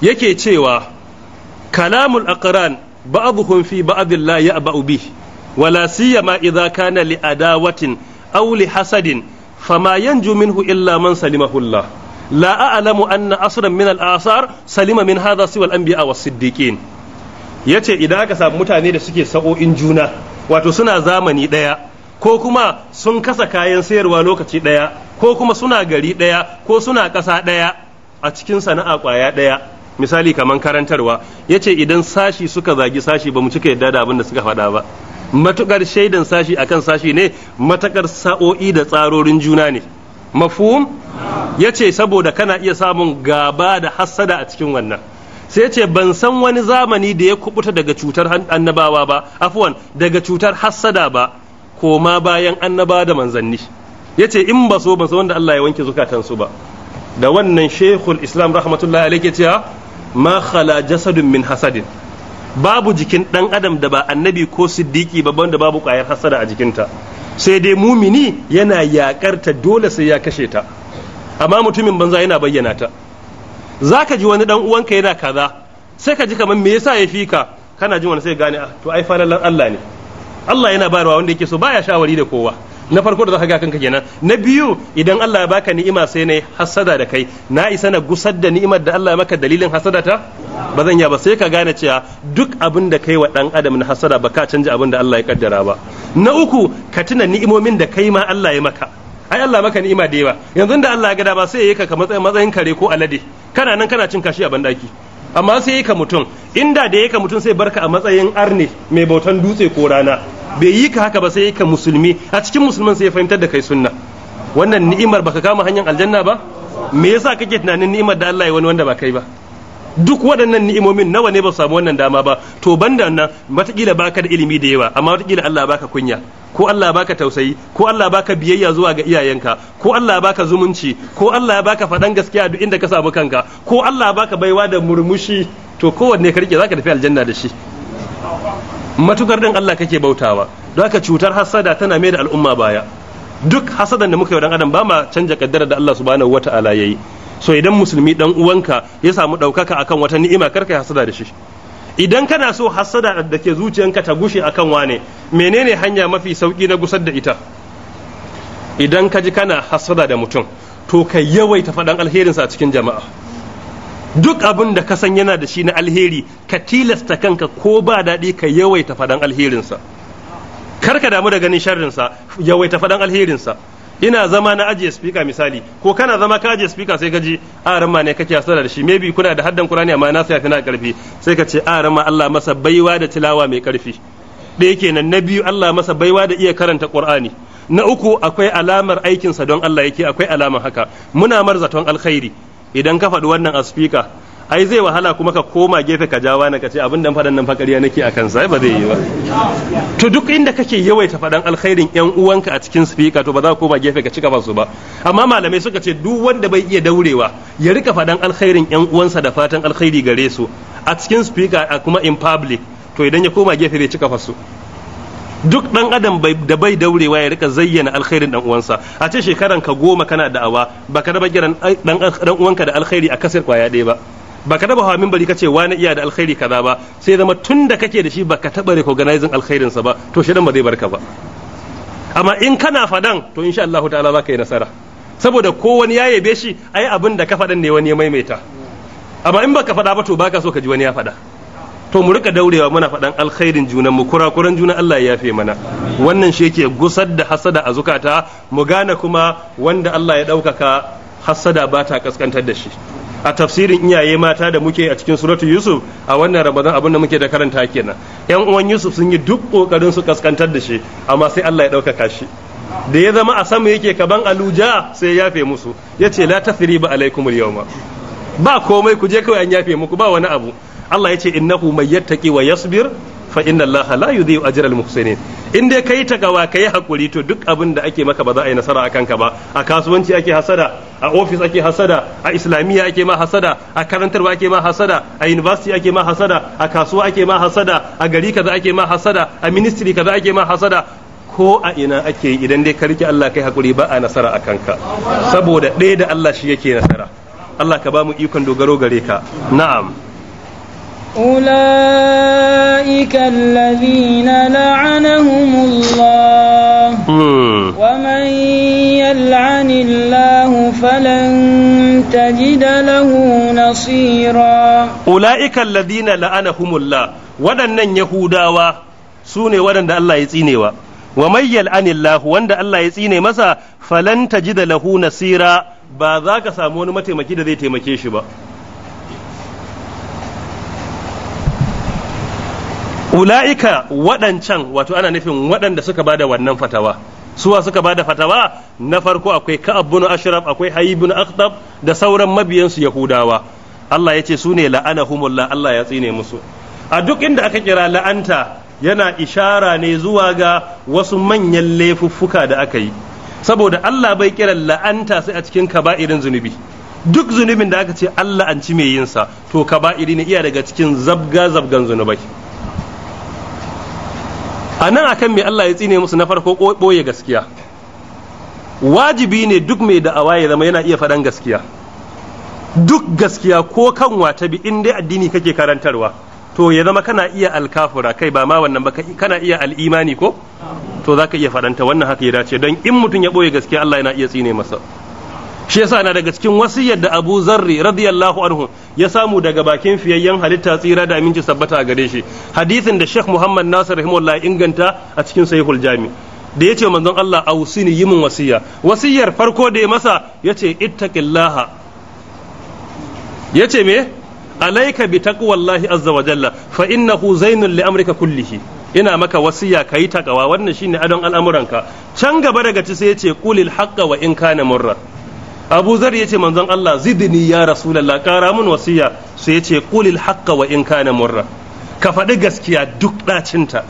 yake cewa kalamul aqran ba'dhum fi ba'd la ya'ba'u bih wala siyama idza kana li adawatin aw li hasadin fama yanju minhu illa man salimahullah لا a'lamu anna asran min al-asar salima min سوى الأنبياء والصديقين was siddiqin yace idan aka samu mutane da suke sa'o'in juna wato suna zamani ɗaya ko kuma sun kasa kayan sayarwa lokaci ɗaya ko kuma suna gari daya ko suna ƙasa ɗaya a cikin sana'a kwaya ɗaya. misali kamar karantarwa yace idan sashi suka zagi sashi ba mu cika yadda da abin da suka faɗa ba matukar shaidan sashi akan sashi ne matakar sa'o'i da tsarorin juna ne mafhum yace saboda kana iya samun gaba da hassada a cikin wannan sai ce ban san wani zamani da ya kubuta daga cutar annabawa ba afwan daga cutar hassada ba koma bayan annaba da manzanni yace in ba so ban san wanda Allah ya wanke su ba da wannan shekul islam rahmatullahi alaihi cewa ma khala jasadun min hasadin babu jikin dan adam da ba annabi ko siddiqi ba wanda babu kwayar hasada a jikinta sai dai mumini yana yakar dole sai ya kashe ta amma mutumin banza yana bayyana ta za ka ji wani dan uwanka yana kaza sai ka ji kamar me yasa ya fi ka kana jin wani sai gane ah, to ai falalar Allah ne Allah yana bayarwa wanda yake so baya shawari da kowa na farko da zaka ga kanka kenan na biyu idan Allah ya baka ni'ima sai ne hasada da kai na isa na gusar da ni'imar da Allah ya maka dalilin hasada ta ba zan ya ba sai ka gane cewa duk abin da kai wa dan adam na hasada ba ka canja abin da Allah ya kaddara ba na uku ka tuna ni'imomin da kai ma Allah ya maka ai Allah maka ni'ima da yawa yanzu da Allah ya gada ba sai yayi ka matsayin matsayin kare ko alade kana nan kana cin kashi a bandaki amma sai ka mutum inda da ka mutum sai barka a matsayin arne mai bautan dutse ko rana bai yi ka haka ba sai ka musulmi a cikin musulman sai ya fahimtar da kai sunna wannan ni'imar baka kama hanyar aljanna ba me yasa kake tunanin ni'imar da Allah ya wani wanda ba kai ba duk waɗannan ni'imomin nawa ne ba su samu wannan dama ba to banda nan matakila baka da ilimi da yawa amma matakila Allah baka kunya ko Allah baka tausayi ko Allah baka biyayya zuwa ga iyayenka ko Allah baka zumunci ko Allah baka faɗan gaskiya duk inda ka samu kanka ko Allah baka baiwa da murmushi to kowanne ka rike zaka tafi aljanna da shi matukar din Allah kake bautawa don haka cutar hasada tana mai da al'umma baya duk hasadan da muka yi wa adam ba ma canja kaddara da Allah subhanahu wataala yayi so idan musulmi dan uwanka ya samu ɗaukaka akan wata ni'ima karka hasada da shi idan kana so hasada da ke zuciyanka ta gushe akan wane menene hanya mafi sauki na gusar da ita idan ka ji kana hasada da mutum to ka yawaita faɗan alherinsa a cikin jama'a duk abin da ka san yana da shi na alheri ka tilasta kanka ko ba daɗi ka yawaita faɗan alherinsa kar ka damu da ganin sharrinsa yawaita faɗan alherinsa ina zama na ajiye speaker misali ko kana zama ka ajiye speaker sai ka ji aran ma ne kake asara da shi maybe kuna da haddan Qur'ani amma na sai kana karfi sai ka ce aran ma Allah masa baiwa da tilawa mai karfi ɗaya kenan na biyu Allah masa baiwa da iya karanta Qur'ani na uku akwai alamar aikinsa don Allah yake akwai alamar haka muna marzaton alkhairi idan ka faɗi wannan a speaker ai zai wahala kuma ka koma gefe ka jawa na kace abin dan fadan nan fakariya nake a kansa ba zai yi ba to duk inda kake yawaita fadan alkhairin yan uwanka a cikin speaker to ba za ka koma gefe ka cika ba su ba amma malamai suka ce duk wanda bai iya daurewa ya rika fadan alkhairin yan uwansa da fatan alkhairi gare su a cikin speaker a kuma in public to idan ya koma gefe bai cika su. duk dan adam da bai daurewa ya rika zayyana alkhairin dan uwansa a ce shekaran ka goma kana da'awa baka raba kiran dan uwanka da alkhairi a kasar kwaya ɗaya ba ba ka taba hawa minbari kace wani iya da alkhairi kaza ba sai zama tun da kake da shi ba ka taba recognizing alkhairin sa ba to dan ba zai barka ba amma in kana fadan to insha Allah ta'ala za ka yi nasara saboda ko wani ya yabe shi ai abin da ka fadan ne wani ya maimaita amma in baka fada ba to baka so ka ji wani ya fada to mu rika daurewa muna fadan alkhairin junan mu kurakuran junan Allah ya yafe mana wannan shi yake gusar da hasada a zukata mu gane kuma wanda Allah ya ɗaukaka hasada ba ta kaskantar da shi a tafsirin iyaye mata da muke a cikin suratu yusuf a wannan ramadan abin da muke da karanta kenan yan uwan yusuf sun yi duk kokarin su kaskantar da shi amma sai allah ya ɗaukaka shi da ya zama a sama yake kaban aluja sai ya yafe musu ya ce la tasriba alaikumul yawma ba komai ku je kawai an yafe muku ba wani abu Allah ya ce innahu may yattaqi wa yasbir fa inna Allah la yudhi'u ajra al muhsinin in dai kai ta gawa kai hakuri to duk abin da ake maka ba za a yi nasara akan ka ba a kasuwanci ake hasada a office ake hasada a islamiyya ake ma hasada a karantarwa ake ma hasada a university ake ma hasada a kasuwa ake ma hasada a gari kaza ake ma hasada a ministry kaza ake ma hasada ko a ina ake idan dai ka rike Allah kai hakuri ba a nasara akan ka saboda ɗaya da Allah shi yake nasara Allah ka ba mu iwakan dogaro gare ka. Na'am. Ula ikan lafina la'anahumulla, wa manyan anillahu Allah ya tsine masa falon ta ji da la'unassira. Ula ikan waɗannan ya sune waɗanda Allah ya tsinewa. Wa manyan anillahu wanda Allah ya tsine masa falon ta lahu da la'unassira. ba za ka samu wani mataimaki da zai taimake shi ba ula'ika waɗancan wato ana nufin waɗanda suka ba da wannan fatawa suwa suka ba da fatawa na farko akwai ka'ab bin ashraf akwai hayi bin akhtab da sauran mabiyansu yahudawa Allah ya ce su ne la'ana humulla. Allah ya tsine musu a duk inda aka kira la'anta yana ishara ne zuwa ga wasu manyan laifuffuka da aka yi saboda Allah bai kiran la'anta sai a cikin kaba'irin zunubi duk zunubin da aka ce Allah an ci mai yin sa to kaba'iri ne iya daga cikin zabga zabgan zunubai a nan akan me Allah ya tsine musu na farko ɓoye gaskiya wajibi ne duk mai da'awa ya zama yana iya faɗan gaskiya duk gaskiya ko kan wata bi in dai addini kake karantarwa to ya zama kana iya alkafura kai ba ma wannan ba kana iya al'imani ko to za ka iya faranta wannan haka ya dace don in mutum ya ɓoye gaskiya Allah yana iya tsine masa shi yasa na daga cikin wasiyar da Abu Zarri radiyallahu anhu ya samu daga bakin fiyayyen halitta tsira da aminci sabbata a gare shi hadisin da Sheikh Muhammad Nasir rahimahullah inganta a cikin Sahihul Jami da yace manzon Allah ausini yi min wasiya wasiyar farko da ya masa yace ittaqillaha yace me alaika bi taqwallahi azza wa jalla fa innahu zainul li amrika kullihi ina maka wasiya kayi takawa wannan shine adon al'amuranka can gaba daga ci sai yace qulil haqqa wa in kana murra Abu Zar yace manzon Allah zidni ya rasulullah kara mun wasiya su yace qulil haqqa wa in kana murra ka faɗi gaskiya duk ɗacinta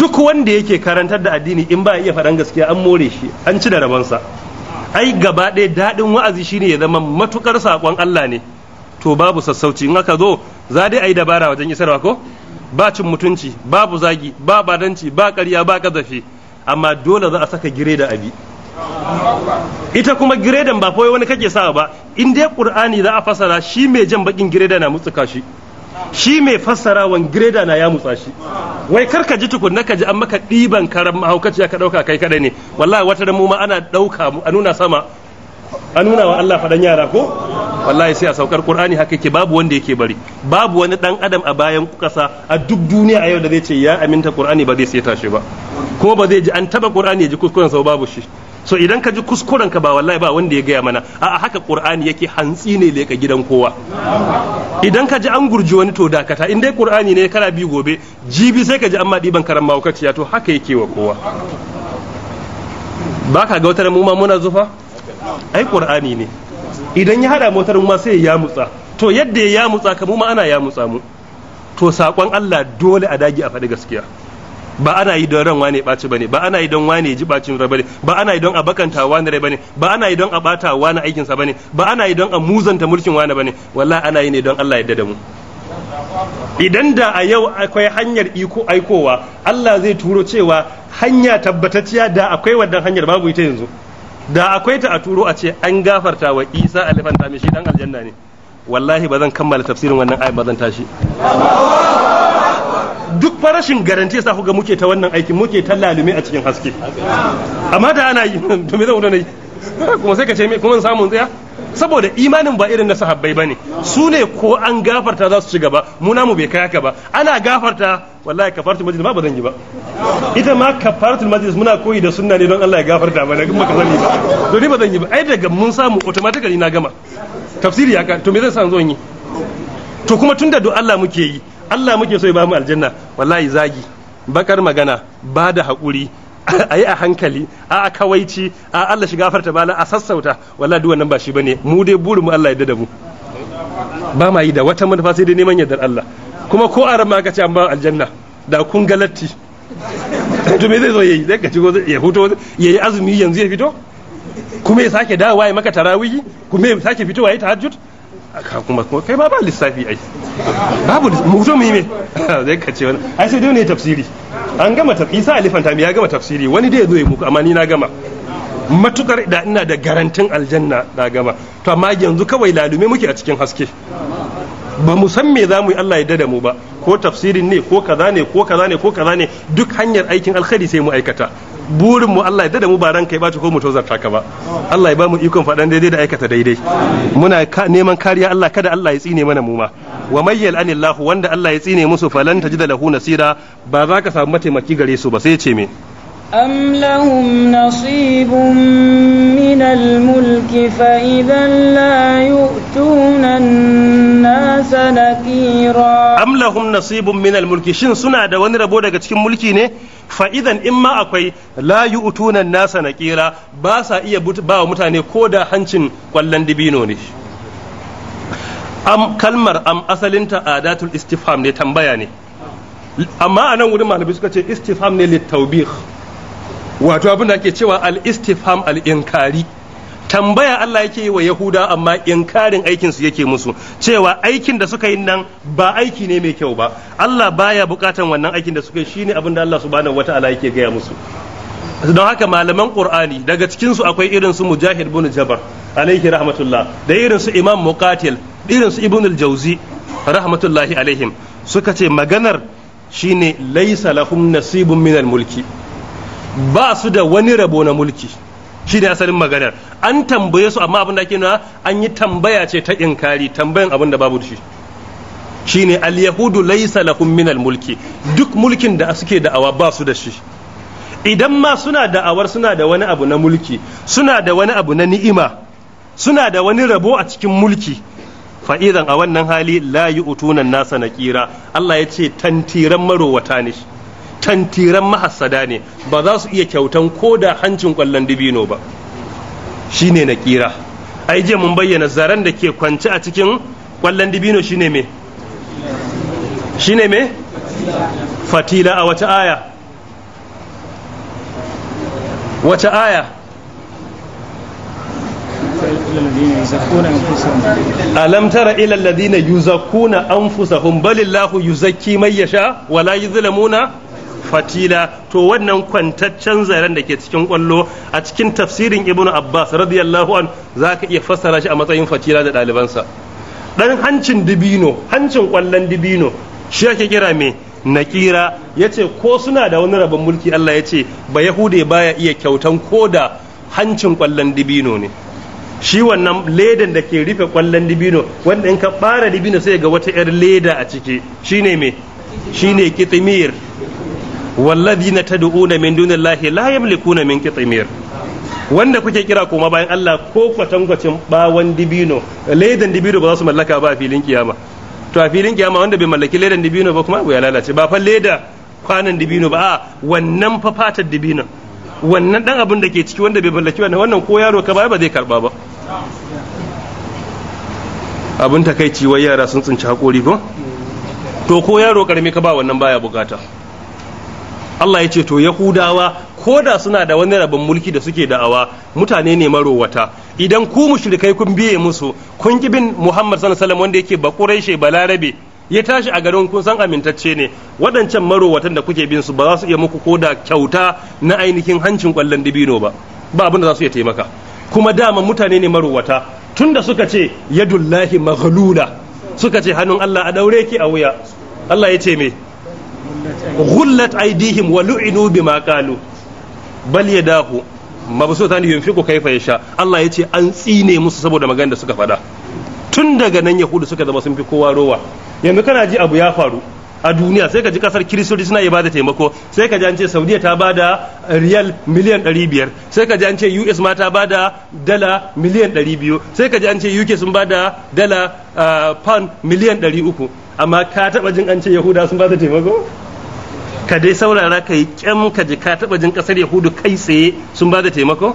duk wanda yake karantar da addini in ba iya faɗan gaskiya an more shi an ci da rabansa ai gaba ɗaya daɗin wa'azi shine ya zama matukar saƙon Allah ne to babu sassauci in aka zo za dai a yi dabara wajen isarwa ko ba cin mutunci babu zagi ba badanci ba ƙarya ba ƙazafi amma dole za a saka gire da abi ita kuma giredan ba kawai wani kake sawa ba in dai qur'ani za a fasara shi mai jan bakin gireda na mutsuka shi shi mai fassarawan gireda na ya mutsa shi wai kar ka ji tukunna ka ji an maka ɗiban karam mahaukaci ka ɗauka kai kaɗai ne wallahi wata mu ma ana ɗauka a nuna sama an nuna wa Allah faɗan yara ko wallahi sai a saukar Qur'ani haka yake babu wanda yake bari babu wani dan adam a bayan kasa a duk duniya a yau da zai ce ya aminta Qur'ani ba zai seta shi ba ko ba zai ji an taba Qur'ani ya ji kuskuren sa babu shi so idan ka ji kuskuren ka ba wallahi ba wanda ya gaya mana a haka Qur'ani yake hantsi ne leka gidan kowa idan ka ji an gurji wani to dakata in dai Qur'ani ne kana bi gobe jibi sai ka ji an ma diban karan to haka yake wa kowa baka ga wata mu ma muna zufa ai qur'ani ne idan ya hada motar ma sai ya mutsa to yadda ya mutsa ka ma ana ya mutsa mu to sakon Allah dole a dagi a faɗi gaskiya ba ana yi don ran wane ɓaci bane ba ana yi don wane ji ɓacin rai bane ba ana yi don a bakanta wani rai bane ba ana yi don a wane wani sa bane ba ana yi don a muzanta mulkin wani bane wallahi ana yi ne don Allah ya da mu idan da a yau akwai hanyar iko aikowa Allah zai turo cewa hanya tabbatacciya da akwai wannan hanyar babu ita yanzu da akwai ta a turo a ce an gafarta wa isa alifanta mai shi dan aljanna ne wallahi ba zan kammala tafsirin wannan ayin ba zan tashi duk farashin garanti sa ga muke ta wannan aikin muke ta lalume a cikin haske amma da ana yi to me zan wuce ne kuma sai ka ce me kuma samun tsaya saboda imanin ba irin na sahabbai bane su ne ko an gafarta za su ci gaba mu namu bai kai haka ba ana gafarta wallahi kafartu majlis ma ba zan yi ba ita ma kafartu majlis muna koyi da sunna ne don Allah ya gafarta mana kuma ka sani ba to ni ba zan yi ba ai daga mun samu automatically na gama tafsiri ya ka to me zan san zo yi to kuma tunda do Allah muke yi Allah muke so ya ba mu aljanna wallahi zagi bakar magana ba da haƙuri a yi a hankali a a kawaici a Allah shiga farta bala a sassauta wallahi duk wannan ba shi bane mu dai burin mu Allah ya da mu ba ma yi da wata manufa sai dai neman yardar Allah kuma ko aran ma kace an ba aljanna da kun galatti to me zai zo yayi zai kaci ya fito yayi azumi yanzu ya fito kuma ya sake dawowa ya maka tarawihi kuma ya sake fitowa ya tahajjud ka kuma kai ba ba lissafi ai babu mu zo mu yi me zai kace wani ai sai dai ne tafsiri an gama tafsiri isa alifan tami ya gama tafsiri wani dai zo ya muku amma ni na gama matukar da ina da garantin aljanna na gama to amma yanzu kawai lalume muke a cikin haske ba mu san me za mu yi Allah ya dada mu ba ko tafsirin ne ko kaza ne ko kaza ne ko kaza ne duk hanyar aikin alkhairi sai mu aikata burin mu Allah ya dada mu ba ranka ya bace ko mu tozarta ka ba Allah ya ba mu ikon faɗan daidai da aikata daidai muna neman kariya Allah kada Allah ya tsine mana mu ma wa mayyal anillahu wanda Allah ya tsine musu falan tajida lahu nasira ba za ka samu mataimaki gare su ba sai ya ce me أم لهم نصيب من الملك فإذا لا يؤتون nasa nakira am nasibun min mulki shin suna da wani rabo daga cikin mulki ne fa idan in ma akwai la yu'tuna nasa nakira ba sa iya ba wa mutane ko da hancin kwallon dibino ne am kalmar am asalinta adatul istifham ne tambaya ne amma a nan wurin malamai suka ce istifham ne litawbih wato abin da ake cewa al istifham al inkari tambaya Allah yake yi wa Yahuda amma inkarin aikin su yake musu cewa aikin da suka yi nan ba aiki ne mai kyau ba Allah baya bukatan wannan aikin da suka yi shine abin da Allah subhanahu wataala yake gaya musu don haka malaman qur'ani daga cikin su akwai irin su mujahid ibn Jabr alaihi rahmatullah da irin su imam muqatil irin su ibn al rahmatullahi alaihim suka ce maganar shine laysa lahum nasibun minal mulki ba su da wani rabo na mulki shi ne asalin maganar an tambaye su amma abin da ake nuna an yi tambaya ce ta inkari tambayan abin da babu shi ne al yahudu laisa lahum min al mulki duk mulkin da suke da'awa ba su da shi idan ma suna da'awar suna da wani abu na mulki suna da wani abu na ni'ima suna da wani rabo a cikin mulki fa idan a wannan hali la yu'tuna nasa naqira Allah ya ce tantiran marowata ne tantiran mahassada ne ba za su iya kyautan ko da hancin kwallon dibino ba shi ne na kira ai je mun bayyana zaren da ke kwance a cikin kwallon dibino shi ne me ne me fatila a wata aya wata aya alam tara ila alladhina yuzakkuna anfusahum balillahu yuzakki man yasha wala yuzlamuna fatila to wannan kwantaccen zaren da ke cikin kwallo a cikin tafsirin ibnu abbas radiyallahu an ka iya fassara shi a matsayin fatila da ɗalibansa dan hancin dibino hancin kwallon dibino shi ake kira me nakira yace ko suna da wani rabon mulki Allah ya ce ba yahude baya iya kyautan ko da hancin kwallon dibino ne shi wannan ledan da ke rufe kwallon dibino wanda in ka bara dibino sai ga wata yar leda a ciki shine me shine kitimir walladhina tad'una min dunillahi la yamlikuna min qitmir wanda kuke kira koma bayan Allah ko kwatankwacin bawan dibino laidan dibino ba za su mallaka ba a filin kiyama to a filin kiyama wanda bai mallaki ledan dibino ba kuma ya lalace ba fa leda kwanan dibino ba a wannan fafatar fatar dibino wannan dan abin da ke ciki wanda bai mallaki wannan wannan ko yaro ka ba ba zai karba ba abin takaici wai yara sun tsinci hakori ko to ko yaro karami ka ba wannan baya bukata Allah ya ce to Yahudawa ko da suna da wani rabin mulki da suke da'awa mutane ne marowata idan ku mushrikai kun biye musu kun ki bin Muhammad sallallahu alaihi wasallam wanda yake bakuraishe balarabe ya tashi a garin kun san amintacce ne waɗancan marowatan da kuke bin su ba za su iya muku ko da kyauta na ainihin hancin kwallon dibino ba ba abin da za su iya taimaka kuma dama mutane ne marowata tunda suka ce yadullahi maghlula suka ce hannun Allah a daure ki a wuya Allah ya ce me غلت أيديهم ولعنوا بما قالوا bal ya dahu mabsutan yunfiqu kaifa yasha Allah ce an tsine musu saboda maganar da suka faɗa tun daga nan yahudu suka zama sun fi kowa rowa yanzu kana ji abu ya faru a duniya sai ka ji kasar kiristoci suna iya bada taimako sai ka ji an ce saudiya ta bada riyal miliyan 500 sai ka ji an ce us ma ta bada dala miliyan 200 sai ka ji an ce uk sun bada dala pound miliyan 300 amma ka taba jin an ce yahuda sun bada taimako ka dai saurara ka yi kyan ka ji ka taba jin kasar yahudu kai tsaye sun ba da taimako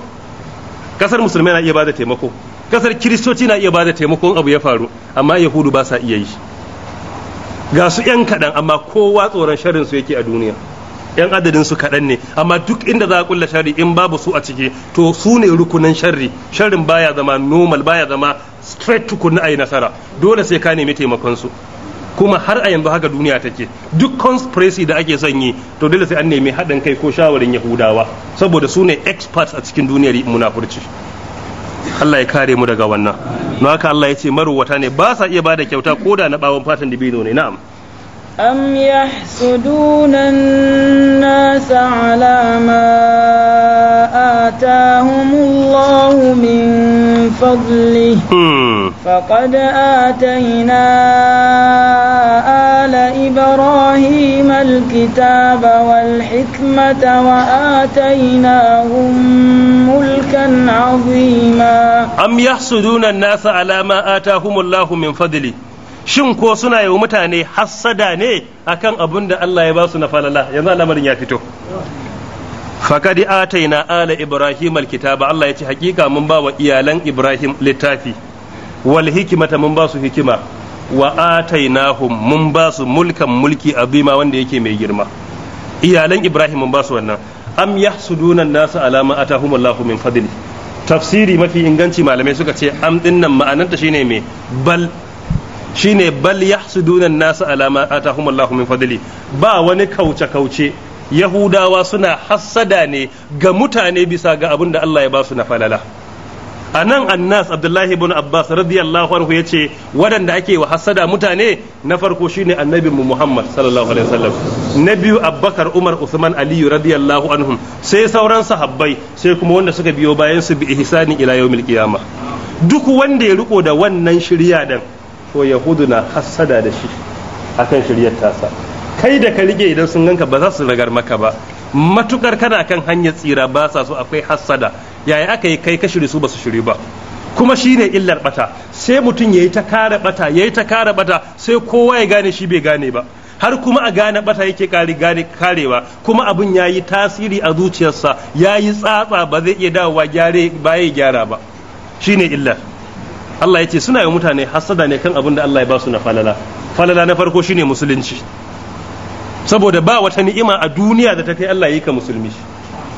kasar musulmai na iya ba da taimako kasar kiristoci na iya ba da taimako abu ya faru amma yahudu ba sa iya yi ga su yan kaɗan amma kowa tsoron sharin su yake a duniya yan adadin su kaɗan ne amma duk inda za a kulla shari in babu su a ciki to su ne rukunan sharri sharrin baya zama normal baya zama straight tukun na ayi nasara dole sai ka nemi taimakon su kuma har a yanzu haka duniya take duk conspiracy da ake son yi to dole sai an nemi haɗin kai ko shawarin yahudawa saboda su ne experts a cikin duniyar munafurci Allah ya kare mu daga wannan don haka Allah ya ce maruwata ne ba sa iya bada kyauta koda na bawon fatan dibino ne na'am أم يحسدون الناس على ما آتاهم الله من فضله hmm. فقد آتينا آل إبراهيم الكتاب والحكمة وآتيناهم ملكا عظيما أم يحسدون الناس على ما آتاهم الله من فضله shin ko suna yi wa mutane hassada ne akan abin da Allah ya ba su na falala yanzu al'amarin ya fito faqad ataina ala ibrahim alkitaba Allah ya ce hakika mun ba wa iyalan ibrahim littafi wal hikmata mun ba su hikima wa atainahum mun ba su mulkan mulki azima wanda yake mai girma iyalan ibrahim mun ba su wannan am yahsuduna nasu alama Allah min fadli tafsiri mafi inganci malamai suka ce am dinnan ta shine me bal shine bal yahsuduna an-nas ala ma atahum Allahu min fadli ba wani kauce kauce yahudawa suna hassada ne ga mutane bisa ga abin da Allah ya ba su na falala anan nan annas abdullahi ibn abbas radiyallahu anhu ya ce waɗanda ake wa hassada mutane na farko shine annabi mu muhammad sallallahu alaihi wasallam na biyu abbakar umar usman aliyu radiyallahu anhum sai sauran sahabbai sai kuma wanda suka biyo bayan su bi ihsani ila yawmil qiyamah duk wanda ya riko da wannan shirya dan to yahudu na hassada da shi akan shiryar tasa kai da ka rike idan sun ganka ba za su ragar maka ba matukar kana kan hanyar tsira ba sa so akwai hassada yaya aka yi kai ka shiri su ba su shiri ba kuma shine illar bata sai mutum yayi ta kare bata yayi ta kare bata sai kowa ya gane shi bai gane ba har kuma a gane bata yake kare gane karewa kuma abin yayi tasiri a zuciyarsa yayi tsatsa ba zai iya dawowa gyare ba ya gyara ba shine illar Allah ya ce suna yi mutane hasada ne kan abin da Allah ya ba su na falala falala na farko shine musulunci saboda ba wata ni'ima a duniya da ta kai Allah yi ka musulmi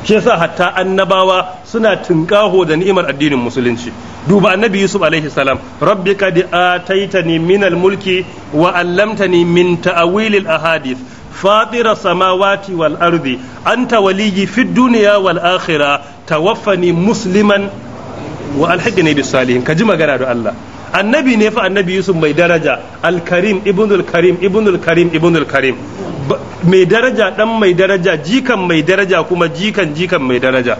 shi yasa hatta annabawa suna tunkaho da ni'imar addinin musulunci duba annabi yusuf alaihi salam rabbi qad ataitani minal mulki wa allamtani min ta'wil ahadith فاطر السماوات والأرض أنت وليي في الدنيا والآخرة توفني مسلما wa ne bi salihin ka ji magana da Allah annabi ne fa annabi Yusuf mai daraja Alkarim ibnul karim ibnul karim ibnul karim mai daraja dan mai daraja jikan mai daraja kuma jikan jikan mai daraja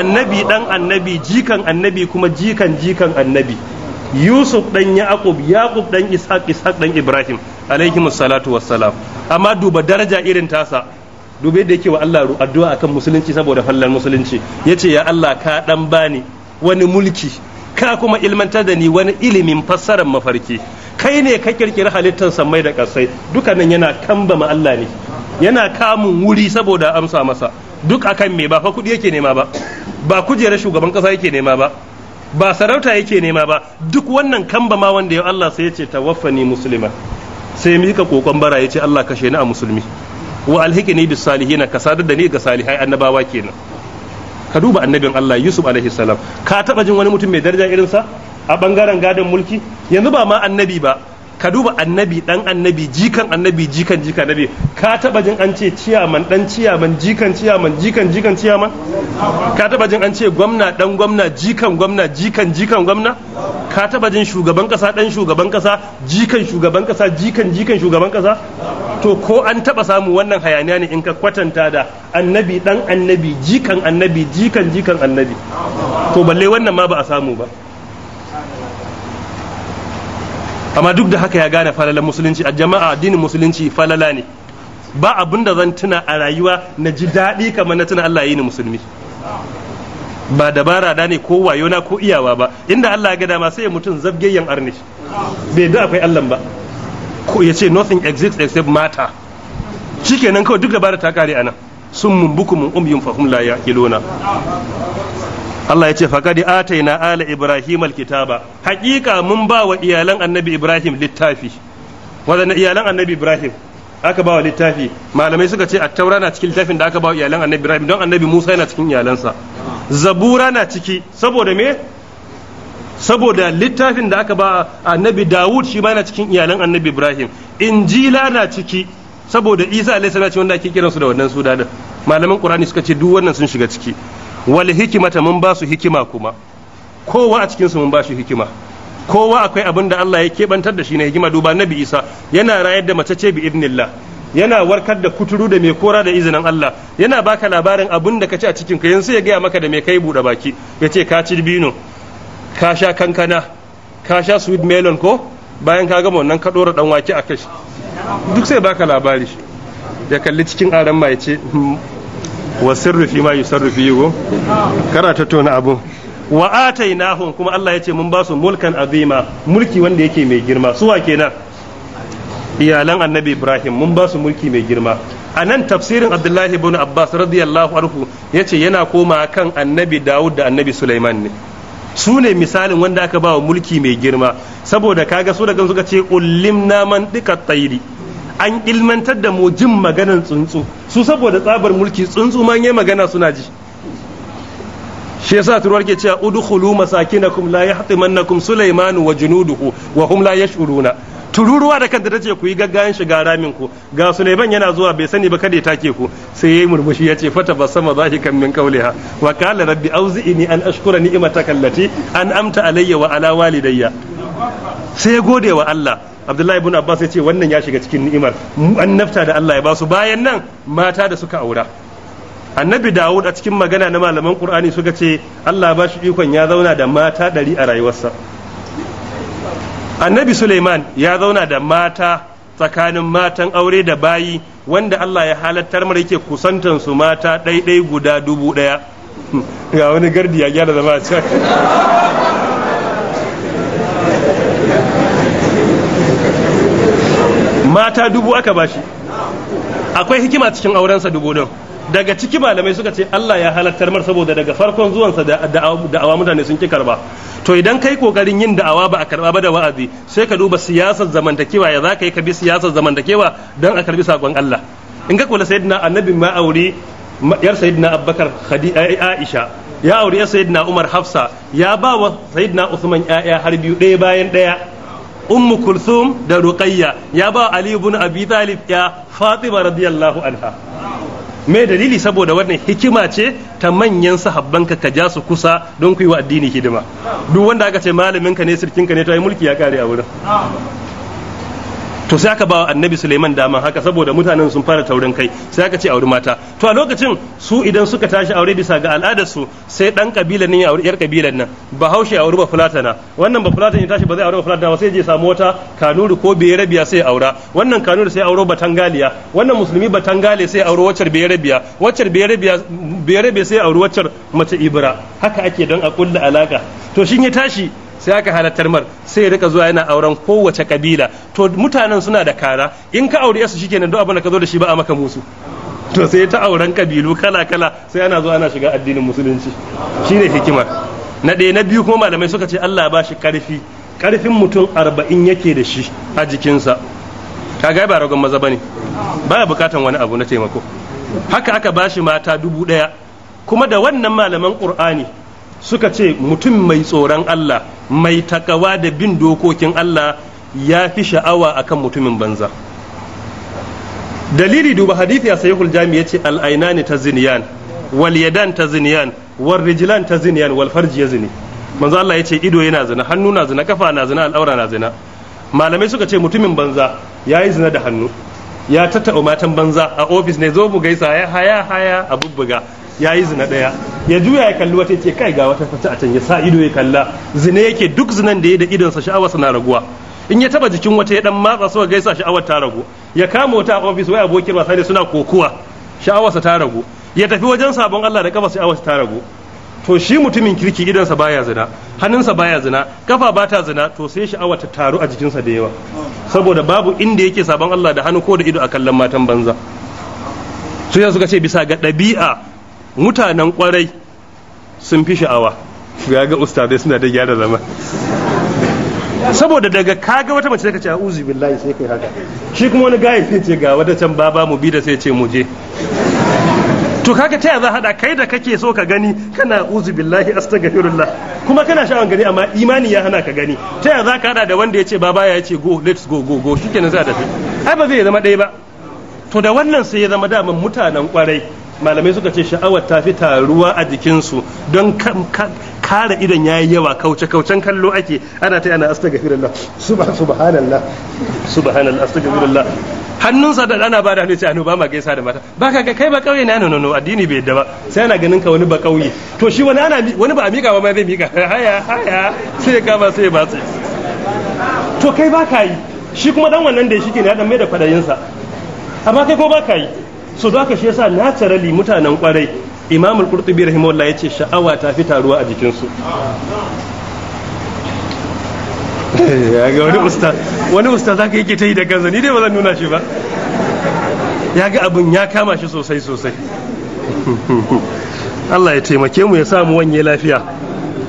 annabi dan annabi jikan annabi kuma jikan jikan annabi yusuf dan yaqub yaqub dan ishaq ishaq dan ibrahim alayhi salatu wassalam amma duba daraja irin tasa dube da yake wa Allah addu'a kan musulunci saboda fallan musulunci yace ya Allah ka dan bani wani mulki ka kuma ilmantar da ni wani ilimin fassarar mafarki kai ne ka kirkiri halittar samai da ƙasai dukanin yana kambama Allah ne yana kamun wuri saboda amsa masa duk akan me ba fa kuɗi yake nema ba ba kujerar shugaban ƙasa yake nema ba ba sarauta yake nema ba duk wannan kambama wanda ya Allah sai ya ce tawaffani musulman sai mika kokon bara ya ce Allah kashe ni a musulmi wa alhikini bis salihin ka sadar da ni ga salihai annabawa kenan ka duba annabin Allah Yusuf alaihi salam ka taba jin wani mutum mai daraja irin sa a bangaren gadon mulki yanzu ba ma annabi ba ka duba annabi dan annabi jikan annabi jikan jika annabi ka taba jin an ce ciyaman dan ciyaman jikan ciyaman jikan jikan ciyaman ka taba jin an ce gwamna dan gwamna jikan gwamna jikan jikan gwamna ka taba jin shugaban kasa dan shugaban kasa jikan shugaban kasa jikan jikan shugaban kasa to ko an taba samu wannan hayaniya ne in ka kwatanta da annabi dan annabi jikan annabi jikan jikan annabi to balle wannan ma ba a samu ba amma duk da haka ya gane falalan musulunci a jama'a addinin musulunci falala ne ba abin da zan tuna a rayuwa na ji daɗi kamar na tuna Allah yi ni musulmi ba dabara da ne ko wayo na ko iyawa ba inda Allah ya gada sai mutum zabgeyyan arnish bai da akwai Allah ba ko ya ce nothing exists except matter shikenan kawai duk dabara ta kare anan sun mun buku mun umyun fahum la yaqiluna Allah ya ce faqad ataina ala ibrahim alkitaba hakika mun ba wa iyalan annabi ibrahim littafi wadannan iyalan annabi ibrahim aka ba wa littafi malamai suka ce taura na cikin littafin da aka ba wa iyalan annabi ibrahim don annabi musa yana cikin iyalansa zabura na ciki saboda me saboda littafin da aka ba annabi dawud shi ma yana cikin iyalan annabi ibrahim injila na ciki saboda isa alaihi salatu wanda ake kiransu da wannan su malaman qur'ani suka ce duk wannan sun shiga ciki wal hikimata mun ba su hikima kuma kowa a cikinsu mun ba shi hikima kowa akwai abin da Allah ya kebantar da shi na hikima duba nabi isa yana rayar da mace ce bi idnillah yana warkar da kuturu da mai kora da izinin Allah yana baka labarin abin da ka ci a cikin ka yanzu ya gaya maka da mai kai buɗe baki ya ce ka ci bino ka sha kankana ka sha sweet melon ko bayan ka gama wannan ka ɗora ɗan wake a kashi duk sai baka labari ya kalli cikin aran ma ce hmm, wa sirri fi ma yusarru fi yugo kara tona abu wa atainahum kuma Allah ya ce mun ba su mulkan azima mulki wanda yake mai girma su wa kenan iyalan annabi Ibrahim mun ba su mulki mai girma a nan tafsirin Abdullahi ibn Abbas radiyallahu anhu yace yana koma kan annabi Dawud da annabi Sulaiman ne su ne misalin wanda aka ba wa mulki mai girma saboda kaga su da gan suka ce ullimna man dika tayri an ilmantar da mu jin maganar tsuntsu su saboda tsabar mulki tsuntsu ma yayi magana suna ji shi yasa turuwar ke cewa udkhulu masakinakum la yahtimannakum sulaimanu wa junuduhu wa hum la yash'uruna tururuwa da kanta tace ku yi gaggayan shiga ramin ku ga sulayman yana zuwa bai sani ba kada ya take ku sai yayi murmushi yace fata basama zahikan min qawliha wa qala rabbi auzi'ni an ashkura ni'mataka allati an amta alayya wa ala walidayya sai gode wa Allah Abdullahi ibn Abbas yace wannan ya shiga cikin ni'imar annabta da Allah ya basu bayan nan mata da suka aura annabi dawud a cikin magana na malaman qur'ani suka ce allah ba shi ikon ya zauna da mata ɗari a rayuwarsa annabi suleiman ya zauna da mata tsakanin matan aure da bayi wanda allah ya halattar mara yake kusantan su mata ɗaiɗai guda dubu ɗaya ga wani gardi ya gyara zama a can mata dubu aka bashi akwai hikima cikin aurensa dubu don daga ciki malamai suka ce Allah ya halattar mar saboda daga farkon zuwansa da da'awa mutane sun ki karba to idan kai kokarin yin da'awa ba a karba ba da wa'azi sai ka duba siyasar zamantakewa ya zaka yi ka bi siyasar zamantakewa dan a karbi sakon Allah in ka kula sayyidina annabi ma aure yar sayyidina abbakar eh, eh, aisha ya aure yar sayyidina umar hafsa ya ba wa sayyidina usman ya'ya har biyu ɗaya bayan ɗaya ummu kulsum da ruqayya ya ba ali ibn abi talib ya fatima radiyallahu anha me dalili saboda wannan hikima ce ta manyan sahabbanka ka ja su kusa don ku yi wa addini hidima duk wanda aka ce malamin ka ne sirkin ka ne to ai mulki ya kare a wurin to sai aka ba annabi suleiman dama haka saboda mutanen sun fara taurin kai sai aka ce auri mata to a lokacin su idan suka tashi aure bisa ga al'adar su sai dan kabilan ne aure yar kabilan nan bahaushe auri ba fulatana wannan ba fulatana ya tashi ba zai aure ba fulatana ba sai je samu wata kanuri ko rabiya sai aura wannan kanuri sai auro batangaliya wannan musulmi tangale sai auro waccar berabiya waccar berabiya rabiya sai auro waccar mace ibra haka ake don a kulla alaka to shin ya tashi sai aka halartar mar sai ya rika zuwa yana auren kowace kabila to mutanen suna da kara in ka aure su shikenan duk abin da ka zo da shi ba a maka musu to sai ta auren kabilu kala kala sai ana zuwa ana shiga addinin musulunci shine hikimar na ɗaya na biyu kuma malamai suka ce Allah ba shi karfi karfin mutum arba'in yake da shi a jikinsa ka ga ba ragon maza bane baya bukatan wani abu na taimako haka aka ba shi mata dubu ɗaya kuma da wannan malaman ƙur'ani suka ce mutum mai tsoron Allah mai takawa da bin dokokin Allah ya fi sha'awa akan mutumin banza dalili duba hadithi a sahihul jami yace ne ta tazniyan wal yadan tazniyan war rijlan tazniyan wal farji zini manzo Allah ya ce ido yana zina hannu na zina kafa na zina al'aura na zina malamai suka ce mutumin banza ya yi zina da hannu ya tattaɓa matan banza a ofis ne zo mu gaisa haya haya haya a bubbuga ya yi zina ɗaya ya juya ya kalli wata ce kai ga wata fata a can ya sa ido ya kalla zina yake duk zinan da ya da idonsa sha'awarsa na raguwa in ya taba jikin wata ya dan matsa suka gaisa sha'awar ta ragu ya kama wata a ofis wai abokin wasa ne suna kokuwa sha'awarsa ta ragu ya tafi wajen sabon Allah da kafa sha'awarsa ta ragu to shi mutumin kirki idonsa baya zina hannunsa baya zina kafa ba ta zina to sai sha'awata ta taru a jikinsa da yawa saboda babu inda yake sabon Allah da hannu ko da ido a kallon matan banza su suka ce bisa ga ɗabi'a mutanen kwarai sun fi sha'awa ga ga ustadai suna da gyara zama saboda daga kaga wata mace ka ce uzu billahi sai kai haka shi kuma wani gayi sai ce ga wata can baba mu bi da sai ce mu je to kaga ta za hada kai da kake so ka gani kana uzu billahi astaghfirullah kuma kana sha'awan gani amma imani ya hana ka gani ta za ka hada da wanda ya ce baba ya ce go let's go go go shikenan za da ai ba zai zama ɗaya ba to da wannan sai ya zama daman mutanen kwarai malamai suka ce sha'awar ta fi taruwa a jikinsu don kare idan ya yi yawa kauce kaucen kallo ake ana ta yana astagfirullah subhanallah subhanallah astagfirullah hannunsa da ana da hannu ce hannu ba ma gaisa da mata ba ka kai ba kauye na nono addini bai yadda ba sai ana ganin ka wani ba kauye to shi wani ana wani ba a miƙa ba ma zai miƙa haya haya sai ya kama sai ya batse to kai ba ka yi shi kuma dan wannan da shi ke ne ya dan mai da fadayinsa amma kai ko ba ka yi so da aka shi yasa naturally mutanen kwarai imam al-qurtubi rahimahullah yace sha'awa ta fi taruwa a jikin su ya ga wani usta wani usta zaka yake ta yi da kansa ni dai ba zan nuna shi ba ya ga abin ya kama shi sosai sosai Allah ya taimake mu ya samu wanye lafiya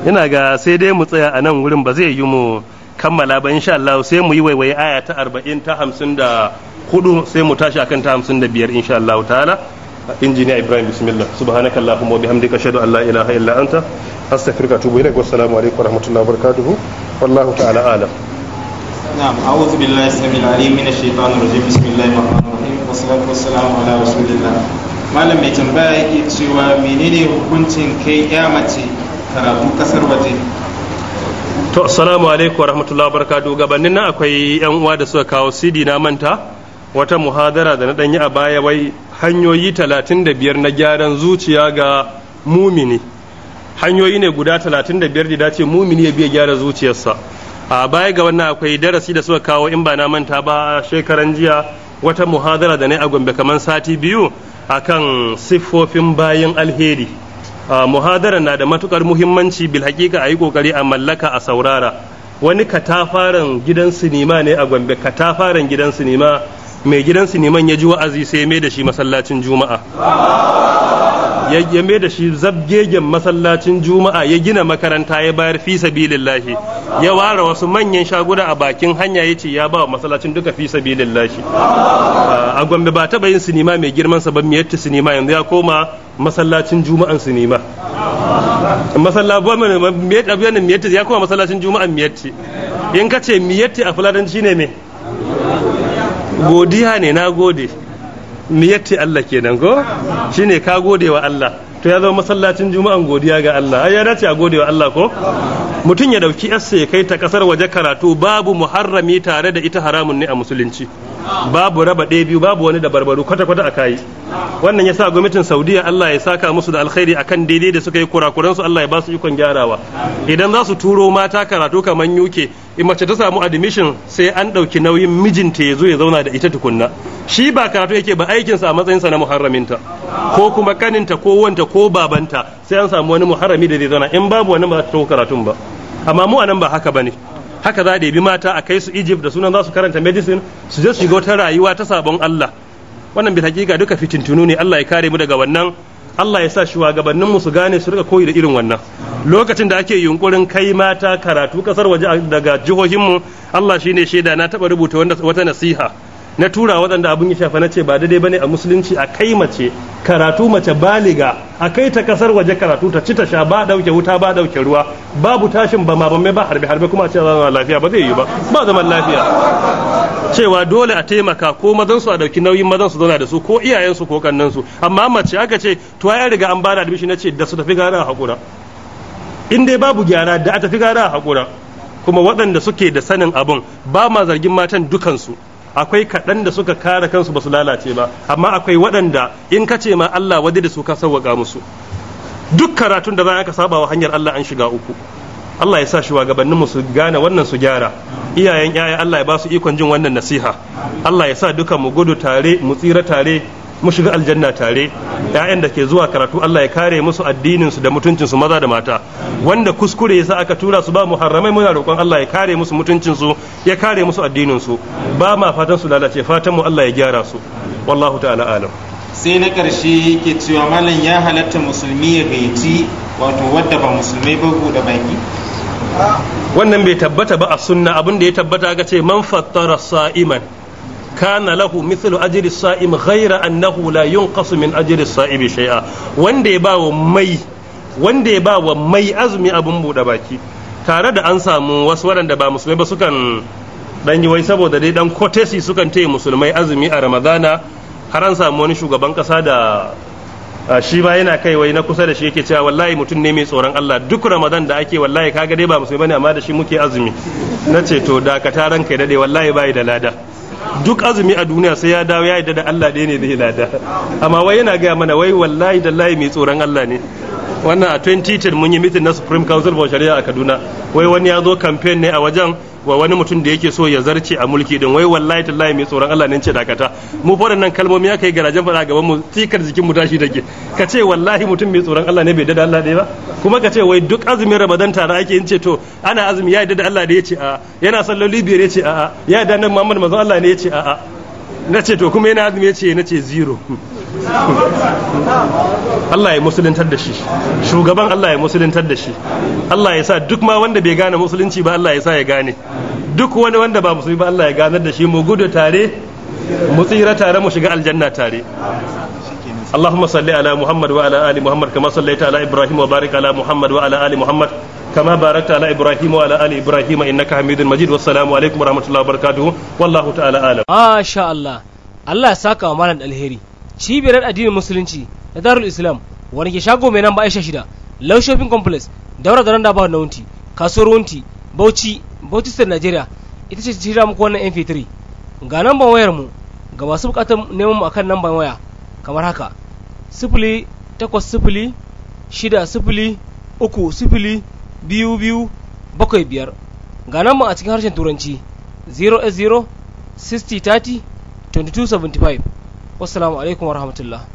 ina ga sai dai mu tsaya a nan wurin ba zai yi mu kammala ba insha Allah sai mu yi waiwaye aya ta 40 ta 50 da hudu sai mu tashi akan ta hamsin da biyar insha Allah ta'ala injiniya Ibrahim bismillah subhanaka allahumma wa bihamdika ashhadu an la ilaha illa anta astaghfiruka wa atubu ilaik wassalamu alaikum wa barakatuh wallahu ta'ala alam na'am a'udhu billahi samil alim من الشيطان الرجيم بسم الله الرحمن الرحيم والصلاة والسلام على رسول malam mai tambaya yake cewa menene hukuncin kai ya mace karatu kasar waje to assalamu alaikum wa barakatuh gabanin nan akwai yan uwa da suka kawo sidi na manta wata muhadara da na ɗanyi a baya wai hanyoyi talatin da biyar na gyaran zuciya ga mumini hanyoyi ne guda talatin da biyar da dace mumini ya biya gyara zuciyarsa a baya ga wannan akwai darasi da suka kawo in ba na manta ba shekaran jiya wata muhadara da na a gombe kamar sati biyu a kan siffofin bayan alheri muhadara na da matukar muhimmanci bil hakika a yi kokari a mallaka a saurara wani katafaren gidan sinima ne a gombe katafaren gidan sinima mai gidansu neman ya ji wa'azi sai mai da shi masallacin juma'a ya mai da shi zabgegen masallacin juma'a ya gina makaranta ya bayar fi sabilillahi ya ware wasu manyan shaguna a bakin hanya ya ce ya ba wa masallacin duka fi sabilillahi a gombe ba ta yin sinima mai girman sa ban miyatti sinima yanzu ya koma masallacin juma'an sinima masallacin ya koma masallacin juma'an miyatti in ka ce miyatti a fulatanci ne me godiya ne na gode miyatti Allah kenan ko shine ka gode wa Allah to ya zama masallacin juma'an godiya ga Allah ai ya dace a gode wa Allah ko mutum ya dauki yarsa ya kai ta kasar waje karatu babu muharrami tare da ita haramun ne a musulunci babu raba ɗaya biyu babu wani da barbaru kwata-kwata a kayi wannan ya sa gwamnatin saudiya Allah ya saka musu da alkhairi a kan daidai da suka yi kurakuransu Allah ya ba su ikon gyarawa idan za su turo mata karatu kamar yuke in mace ta samu admission sai an ɗauki nauyin mijinta ya zo ya zauna da ita tukunna shi ba karatu yake ba aikinsa a matsayinsa na muharraminta ko kuma kaninta ko wanta ko babanta sai an samu wani muharrami da zai zauna in babu wani ba ta karatun ba amma mu anan ba haka ba ne. haka za a bi mata a kai su Egypt da sunan za su karanta medicine su je su shiga wata rayuwa ta sabon Allah wannan bi hakika duka fitintunu ne Allah ya kare mu daga wannan Allah ya sa shugabannin mu su gane su rika koyi da irin wannan lokacin da ake yunkurin kai mata karatu kasar waje daga jihohin mu Allah shine shaida na taba rubuta wata nasiha na tura waɗanda abin ya shafa na ce ba daidai bane a musulunci a kai mace karatu mace baliga a kai ta kasar waje karatu ta ci ta sha ba dauke wuta ba dauke ruwa babu tashin ba ma ba ba harbe harbe kuma a ce zama lafiya ba zai yi ba ba zaman lafiya cewa dole a taimaka ko mazan su a dauki nauyin mazan su zauna da su ko iyayen su ko kannan su amma mace aka ce to ya riga an bada admission na ce da su tafi gara a hakura in dai babu gyara da a tafi gara a hakura kuma waɗanda suke da sanin abun ba ma zargin matan dukansu akwai kaɗan da suka kare kansu ba su lalace ba amma akwai waɗanda in ka ce ma Allah wadi da su ka sauwaƙa musu duk karatun da za ka saba wa hanyar Allah an shiga uku Allah ya sa shi gabanin mu su gane wannan su gyara iyayen yaya Allah ya ba su ikon jin wannan nasiha Allah ya sa duka mu gudu tare mu tsira tare mu shiga aljanna tare ƴaƴan da ke zuwa karatu Allah ya kare musu addinin su da mutuncin su maza da mata wanda kuskure yasa aka tura su ba muharramai muna roƙon Allah ya kare musu mutuncin su ya kare musu addinin su ba ma fatan su lalace fatan mu Allah ya gyara su wallahu ta'ala alam sai na ƙarshe ke cewa malam ya halatta musulmi ya gaiti wato wadda ba musulmai ba da baki wannan bai tabbata ba a sunna abin da ya tabbata ga ce man fattara sa'iman kana lahu mithlu ajri sa'im ghaira annahu la yunqasu min ajri sa'ib shay'a wanda ya bawa mai wanda ya bawa mai azumi abun bude baki tare da an samu wasu waɗanda ba musulmai ba sukan dan yi wai saboda dai dan kotesi sukan taya musulmai azumi a ramadana har an samu wani shugaban kasa da shi ba yana kai wai na kusa da shi yake cewa wallahi mutum ne mai tsoron Allah duk ramadan da ake wallahi kaga dai ba musulmai bane amma da shi muke azumi na ce to da ka taran kai dade wallahi bai da lada duk azumi a duniya sai ya dawo ya yi da Allah ɗaya ne zai lada amma wai yana gaya mana wai wallahi da layi mai tsoron Allah ne wannan a 2010 mun yi mitin na supreme council for shari'a a kaduna wai wani ya zo campaign ne a wajen wa wani mutum da yake so ya zarce a mulki din wai wallahi tallahi mai tsoron Allah ne ce dakata mu fa nan kalmomi aka yi garajen fada gaban mu tikar jikin mu tashi take ka ce wallahi mutum mai tsoron Allah ne bai dada Allah ɗaya ba kuma ka ce wai duk azumin Ramadan tare ake in ce to ana azumi ya dada Allah ne ya ce a'a yana salloli biyar ya ce a'a ya dada Muhammad manzon Allah ne ya ce a'a na ce to kuma yana azumi ya ce na ce zero hmm. Allah ya musuluntar da shi shugaban Allah ya musuluntar da shi Allah ya sa duk ma wanda bai gane musulunci ba Allah ya sa ya gane duk wani wanda ba musulmi ba Allah ya ganar da shi mu gudu tare mu tsira tare mu shiga aljanna tare اللهم wa على محمد وعلى ال محمد كما صليت على ابراهيم ala على محمد ala ال محمد كما باركت على ابراهيم وعلى ال ابراهيم انك حميد مجيد والسلام عليكم ورحمه الله وبركاته والله تعالى اعلم ما شاء الله الله ساكا ومالا الهيري cibiyar addinin musulunci da darul islam wani ke shago mai nan ba aisha shida low shopping complex daura da randa ba na wunti kasuwar wunti bauchi bauchi state nigeria ita ce shirya muku wannan mp3 ga namban wayar mu ga masu bukatar neman mu akan namban waya kamar haka sifili takwas sifili shida sifili uku sifili biyu biyu bakwai biyar ga namban a cikin harshen turanci 0 s 0 6030 2275. wassalamu alaikum warahmatullah